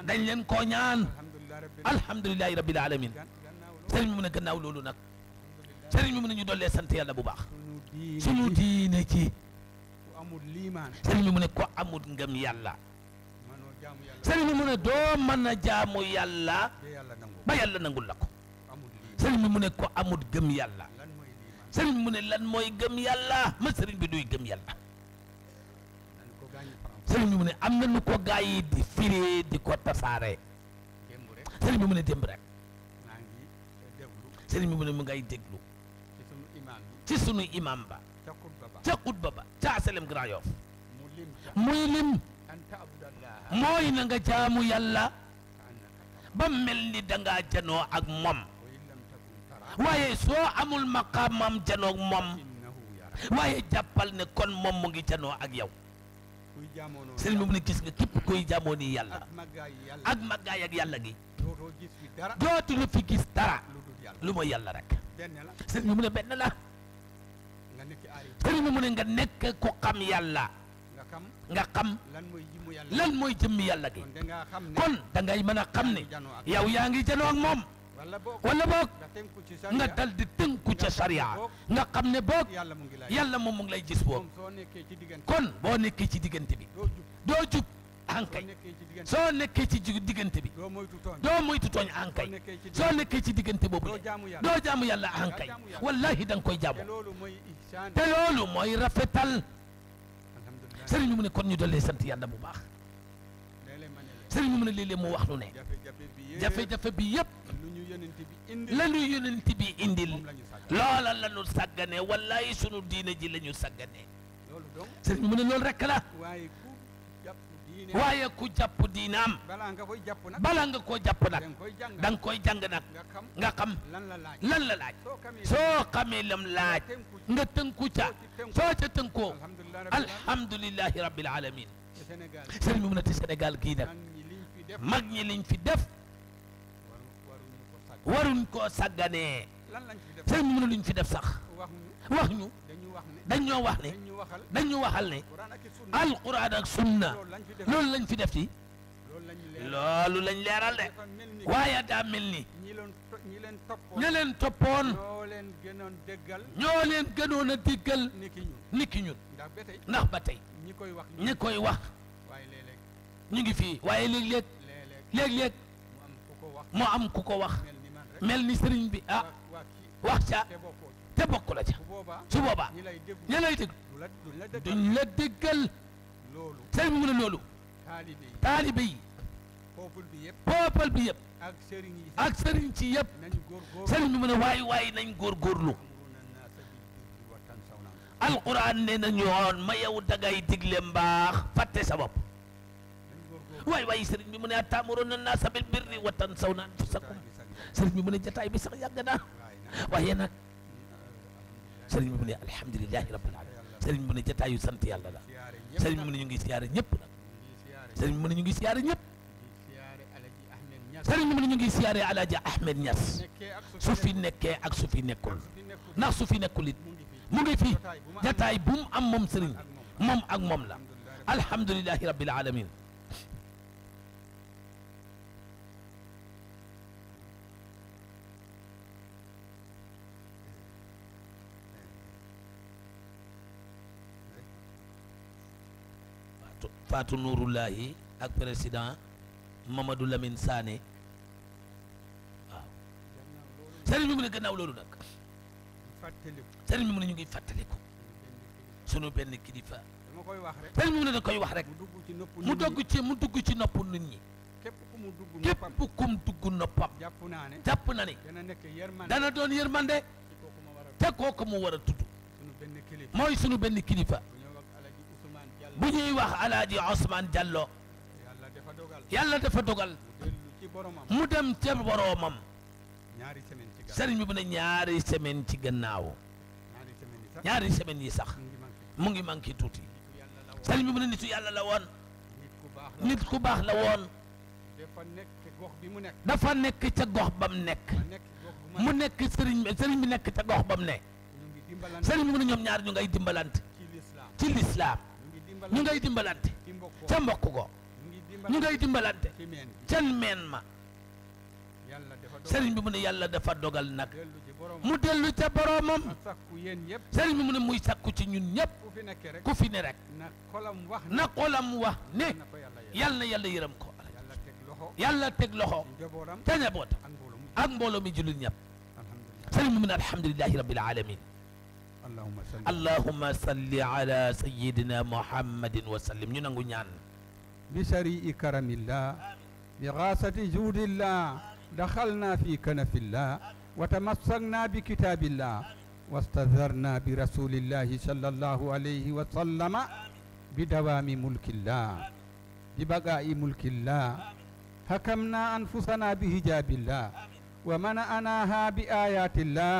dañ leen koo ñaan alhamdulilahi rabbil alamin sëriñ bi mu ne gannaaw loolu nag sëriñ bi mu ne ñu dollee sant yàlla bu baax suñu diine ci sëriñ bi mu ne ko amul ngëm yàlla sëriñ bi mu ne doo mën a jaamu yàlla ba yàlla nangul la ko sëriñ mi mu ne ko amul gëm yàlla sëriñ mu ne lan mooy gëm yàlla ma sëriñ bi duy gëm yàlla sëriñ bi mu ne am na nu ko gaa yi di firee di ko tasaare sëriñ bi mu ne démb rek sëriñ bi mu ne mu ngay déglu ci sunu imam ba ca xutba ba ca asalem mooy na nga jaamu yàlla ba mel ni dangaa janoo ak moom waaye soo amul maqaamam janoog moom waaye jàppal ne kon moom mu ngi janoo ak yow sëriñ bi mu ne gis nga képp kuy jaamoo nii yàlla ak màggaay ak yàlla gi dootu lu fi gis dara lu ma yàlla rek sëriñ bi mu ne benn la sëriñ bi mu ne nga nekk ku xam yàlla nga xam lan mooy jëmm yàlla gi kon da ngay mën a xam ne yow yaa ngi janoo moom wala boog nga dal di tënku ca sariya nga xam ne boog yàlla moom mu ngi lay gis boog kon boo nekkee ci diggante bi doo jub ankay soo nekkee ci diggante bi doo moytu tooñ ankay soo nekkee ci diggante boobu le doo jaamu yàlla ankay wallahi da nga koy jaamu te loolu mooy rafetal sëriñ bi mu ne kon ñu dollee sant yàlla bu baax sëriñ bi mu ne léeg-léeg mu wax lu ne jafe-jafe bi yëpp lanu yonent bi indil loola la ñu sàggane wallaay sunu diina ji la ñu sàggane sëriñ mu ne loolu rek la waaye ku jàpp diinaam balaa nga koy jàpp nag balaa nga koo jàpp nag da nga koy jàng nag nga xam lan la laaj soo xamee lam laaj nga tënku ca soo ca tënkoo alhamdulilahi rabbil alamin sëriñ mu ne ti Sénégal gii nag mag ñi liñ fi def waruñ koo sàgganee sëriñ bi mu ne luñ fi def sax wax ñu dañ ñoo wax ne dañ ñu waxal ne alquran ak sunna loolu lañ fi def ci loolu lañ leeral de waaye daa mel ni ña leen toppoon ñoo leen gënoon a déggal niki ñun ndax ba tey ñi koy wax ñu ngi fii waaye léeg-léeg léeg-léeg mu am ku ko wax mel ni sëriñ bi ah wax ca te bokkul la ca su boobaa lay déglu duñ la déggal sëriñ bi mu ne loolu taalibe yi bi yëpp ak sëriñ ci yëpp sëriñ bi mu ne waay waay nañ góorgóorlu alquran ne nañu woon ma yow dangay digle mbaax fàtte sa bopp waay waay sëriñ bi mu ne ataamuruuna naasa bil birri wa tansawna anfusakum sëriñ bi mu ne jataay bi sax yàgg na waaye nag sëriñ bi mu ne alhamdulilahi rabbil alamin sëriñ bi mu ne jataayu sant yàlla la sëriñ bi mu ne ñu ngi siyaare ñëpp nag sëriñ bi ne ñu ngi siyaare ñëpp sëriñ bi mu ne ñu ngi siyaare alaaji Ahmed Niass su fi nekkee ak su fi nekkul ndax su fi nekkul it mu ngi fi jataay bu mu am moom sëriñ moom ak moom la alhamdulilahi rabbil alamin Fatou Nouroulahi ak président Mamadou Lamine Sané waaw sëriñ bi mu ne gannaaw loolu nag sëriñ bi mu ne ñu ngi fàttaliku sunu benn kilifa sëriñ bi mu ne da koy wax rek mu dugg ci mu dugg ci nopp nit ñi képp kum dugg noppam jàpp na ne dana doon yërmande te kooku mu war a tudd mooy sunu benn kilifa bu ñuy wax alaaji Ousmane Diallo yàlla dafa dogal mu dem ca boroomam sëriñ bi bu ne ñaari semaine ci gannaaw ñaari semaine yi sax mu ngi manqué tuuti sëriñ bi bu ne nitu yàlla la woon nit ku baax la woon dafa nekk ca gox ba mu nekk mu nekk sëriñ bi sëriñ bi nekk ca gox ba mu ne sëriñ bi mu ne ñoom ñaar ñu ngay dimbalante ci lislaam ñu ngay dimbalante ca mbokk go ñu ngay dimbalante can meen ma sëriñ bi mu ne yàlla dafa dogal nag mu dellu ca boroomam sëriñ bi mu ne muy sakku ci ñun ñëpp ku fi ne rek na xolam wax ne yàlla na yàlla yërëm ko yàlla teg loxo ca njabootam ak mbooloo mi jullit ñëpp sëriñ bi mu ne alhamdulilahi rabbil alamin allahumma salli ala sayyidina muhammadin wa sallim ñu nangu ñaan bi sharii karamillah bi xaasati juudillah daxalna fi kanafillah wa tamassakna bi kitabillah واستذرنا برسول الله صلى الله عليه وسلم بدوام ملك الله ببقاء ملك الله حكمنا أنفسنا بهجاب الله ومنعناها بآيات الله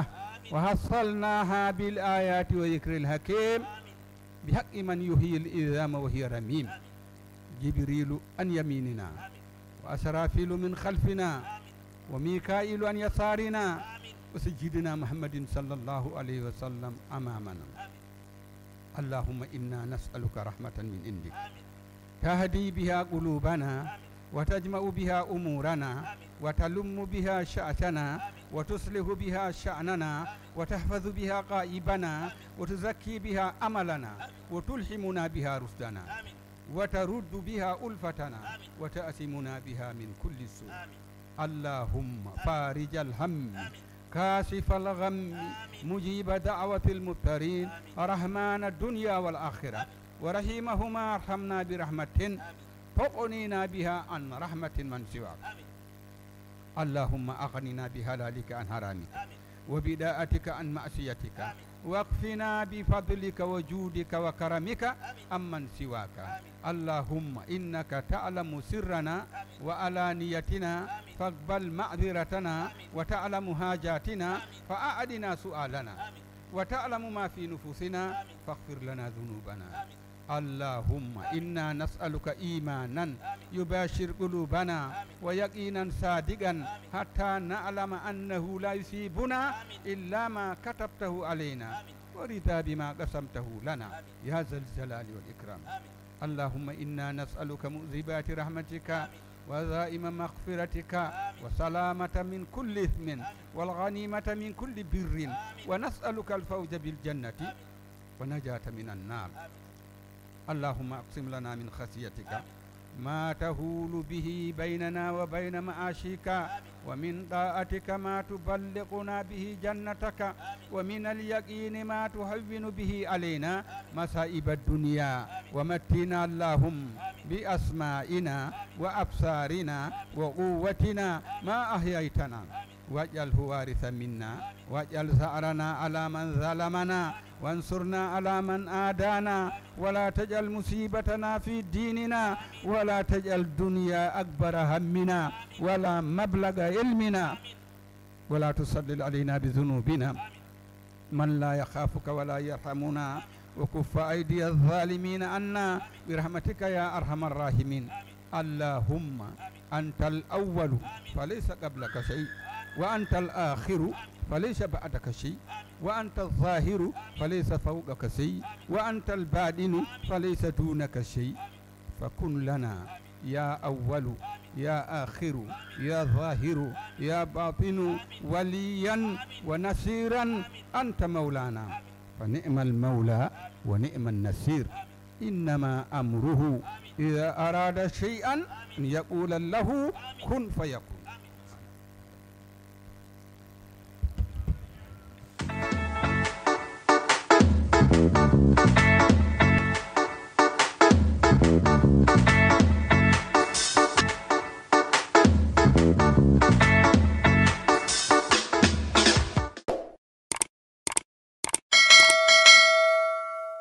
وحصلناها بالآيات وذكر الحكيم بحق من يحيي الإذام وهي رميم جبريل عن يميننا وأسرافيل من خلفنا وميكائيل عن يسارنا وسيدنا محمد صلى الله عليه وسلم أمامنا اللهم إنا نسألك رحمة من عندك تهدي بها قلوبنا وتجمع بها أمورنا وتلم بها شأتنا وتصلح بها شأننا وتحفظ بها غائبنا وتزكي بها أملنا وتلحمنا بها رشدنا وترد بها ألفتنا وتأثمنا بها من كل سوء اللهم فارج الهم كاشف الغم مجيب دعوة المضطرين رحمن الدنيا والآخرة ورحيمهما ارحمنا برحمة تقنينا بها عن رحمة من سواك allahumma aghnina bi halalika an haramika wa bidaatika an masiyatika واكفنا بفضلك وجودك وكرمك أمن سواك اللهم إنك تعلم سرنا وألانيتنا فاقبل معذرتنا وتعلم حاجاتنا فأعدنا سؤالنا وتعلم ما في نفوسنا فاغفر لنا ذنوبنا اللهم إنا نسألك إيمانا يباشر قلوبنا ويقينا صادقا حتى نعلم أنه لا يصيبنا إلا ما كتبته علينا ورضا بما قسمته لنا يا ذا الجلال والإكرام اللهم إنا نسألك مؤذبات رحمتك وزائم مغفرتك وسلامة من كل إثم والغنيمة من كل بر ونسألك الفوز بالجنة ونجاة من النار allahuma aqsim lana min xasiyatika ma tahulu bihi baynana wa bayna maashika wa min daatika ma tuballiquna bihi jannataka wa min alyaqini ma tuhawwinu bihi alayna masaiba dunya wa mattina allahum bi asma'ina wa absarina wa quwwatina ma ahyaytana waj'alhu waritha minna waj'al sa'rana ala man zalamana وانصرنا على من آدانا ولا تجعل مصيبتنا في ديننا ولا تجعل الدنيا أكبر همنا ولا مبلغ علمنا ولا تسلل علينا بذنوبنا من لا يخافك ولا يرحمنا وكف أيدي الظالمين عنا برحمتك يا أرحم الراحمين اللهم أنت الأول فليس قبلك شيء وأنت الآخر فليس بعدك شيء wa anta alzahiru fa laysa fawqaka shay wa anta albaadinu fa laysa dunaka shay fa kun lana ya awalu ya akhiru ya zahiru ya batinu waliyan wa nasiran anta mawlana fa nima almawla wa nima alnasir innama amruhu ida arada shay'an an yaqula lahu kun fa yakun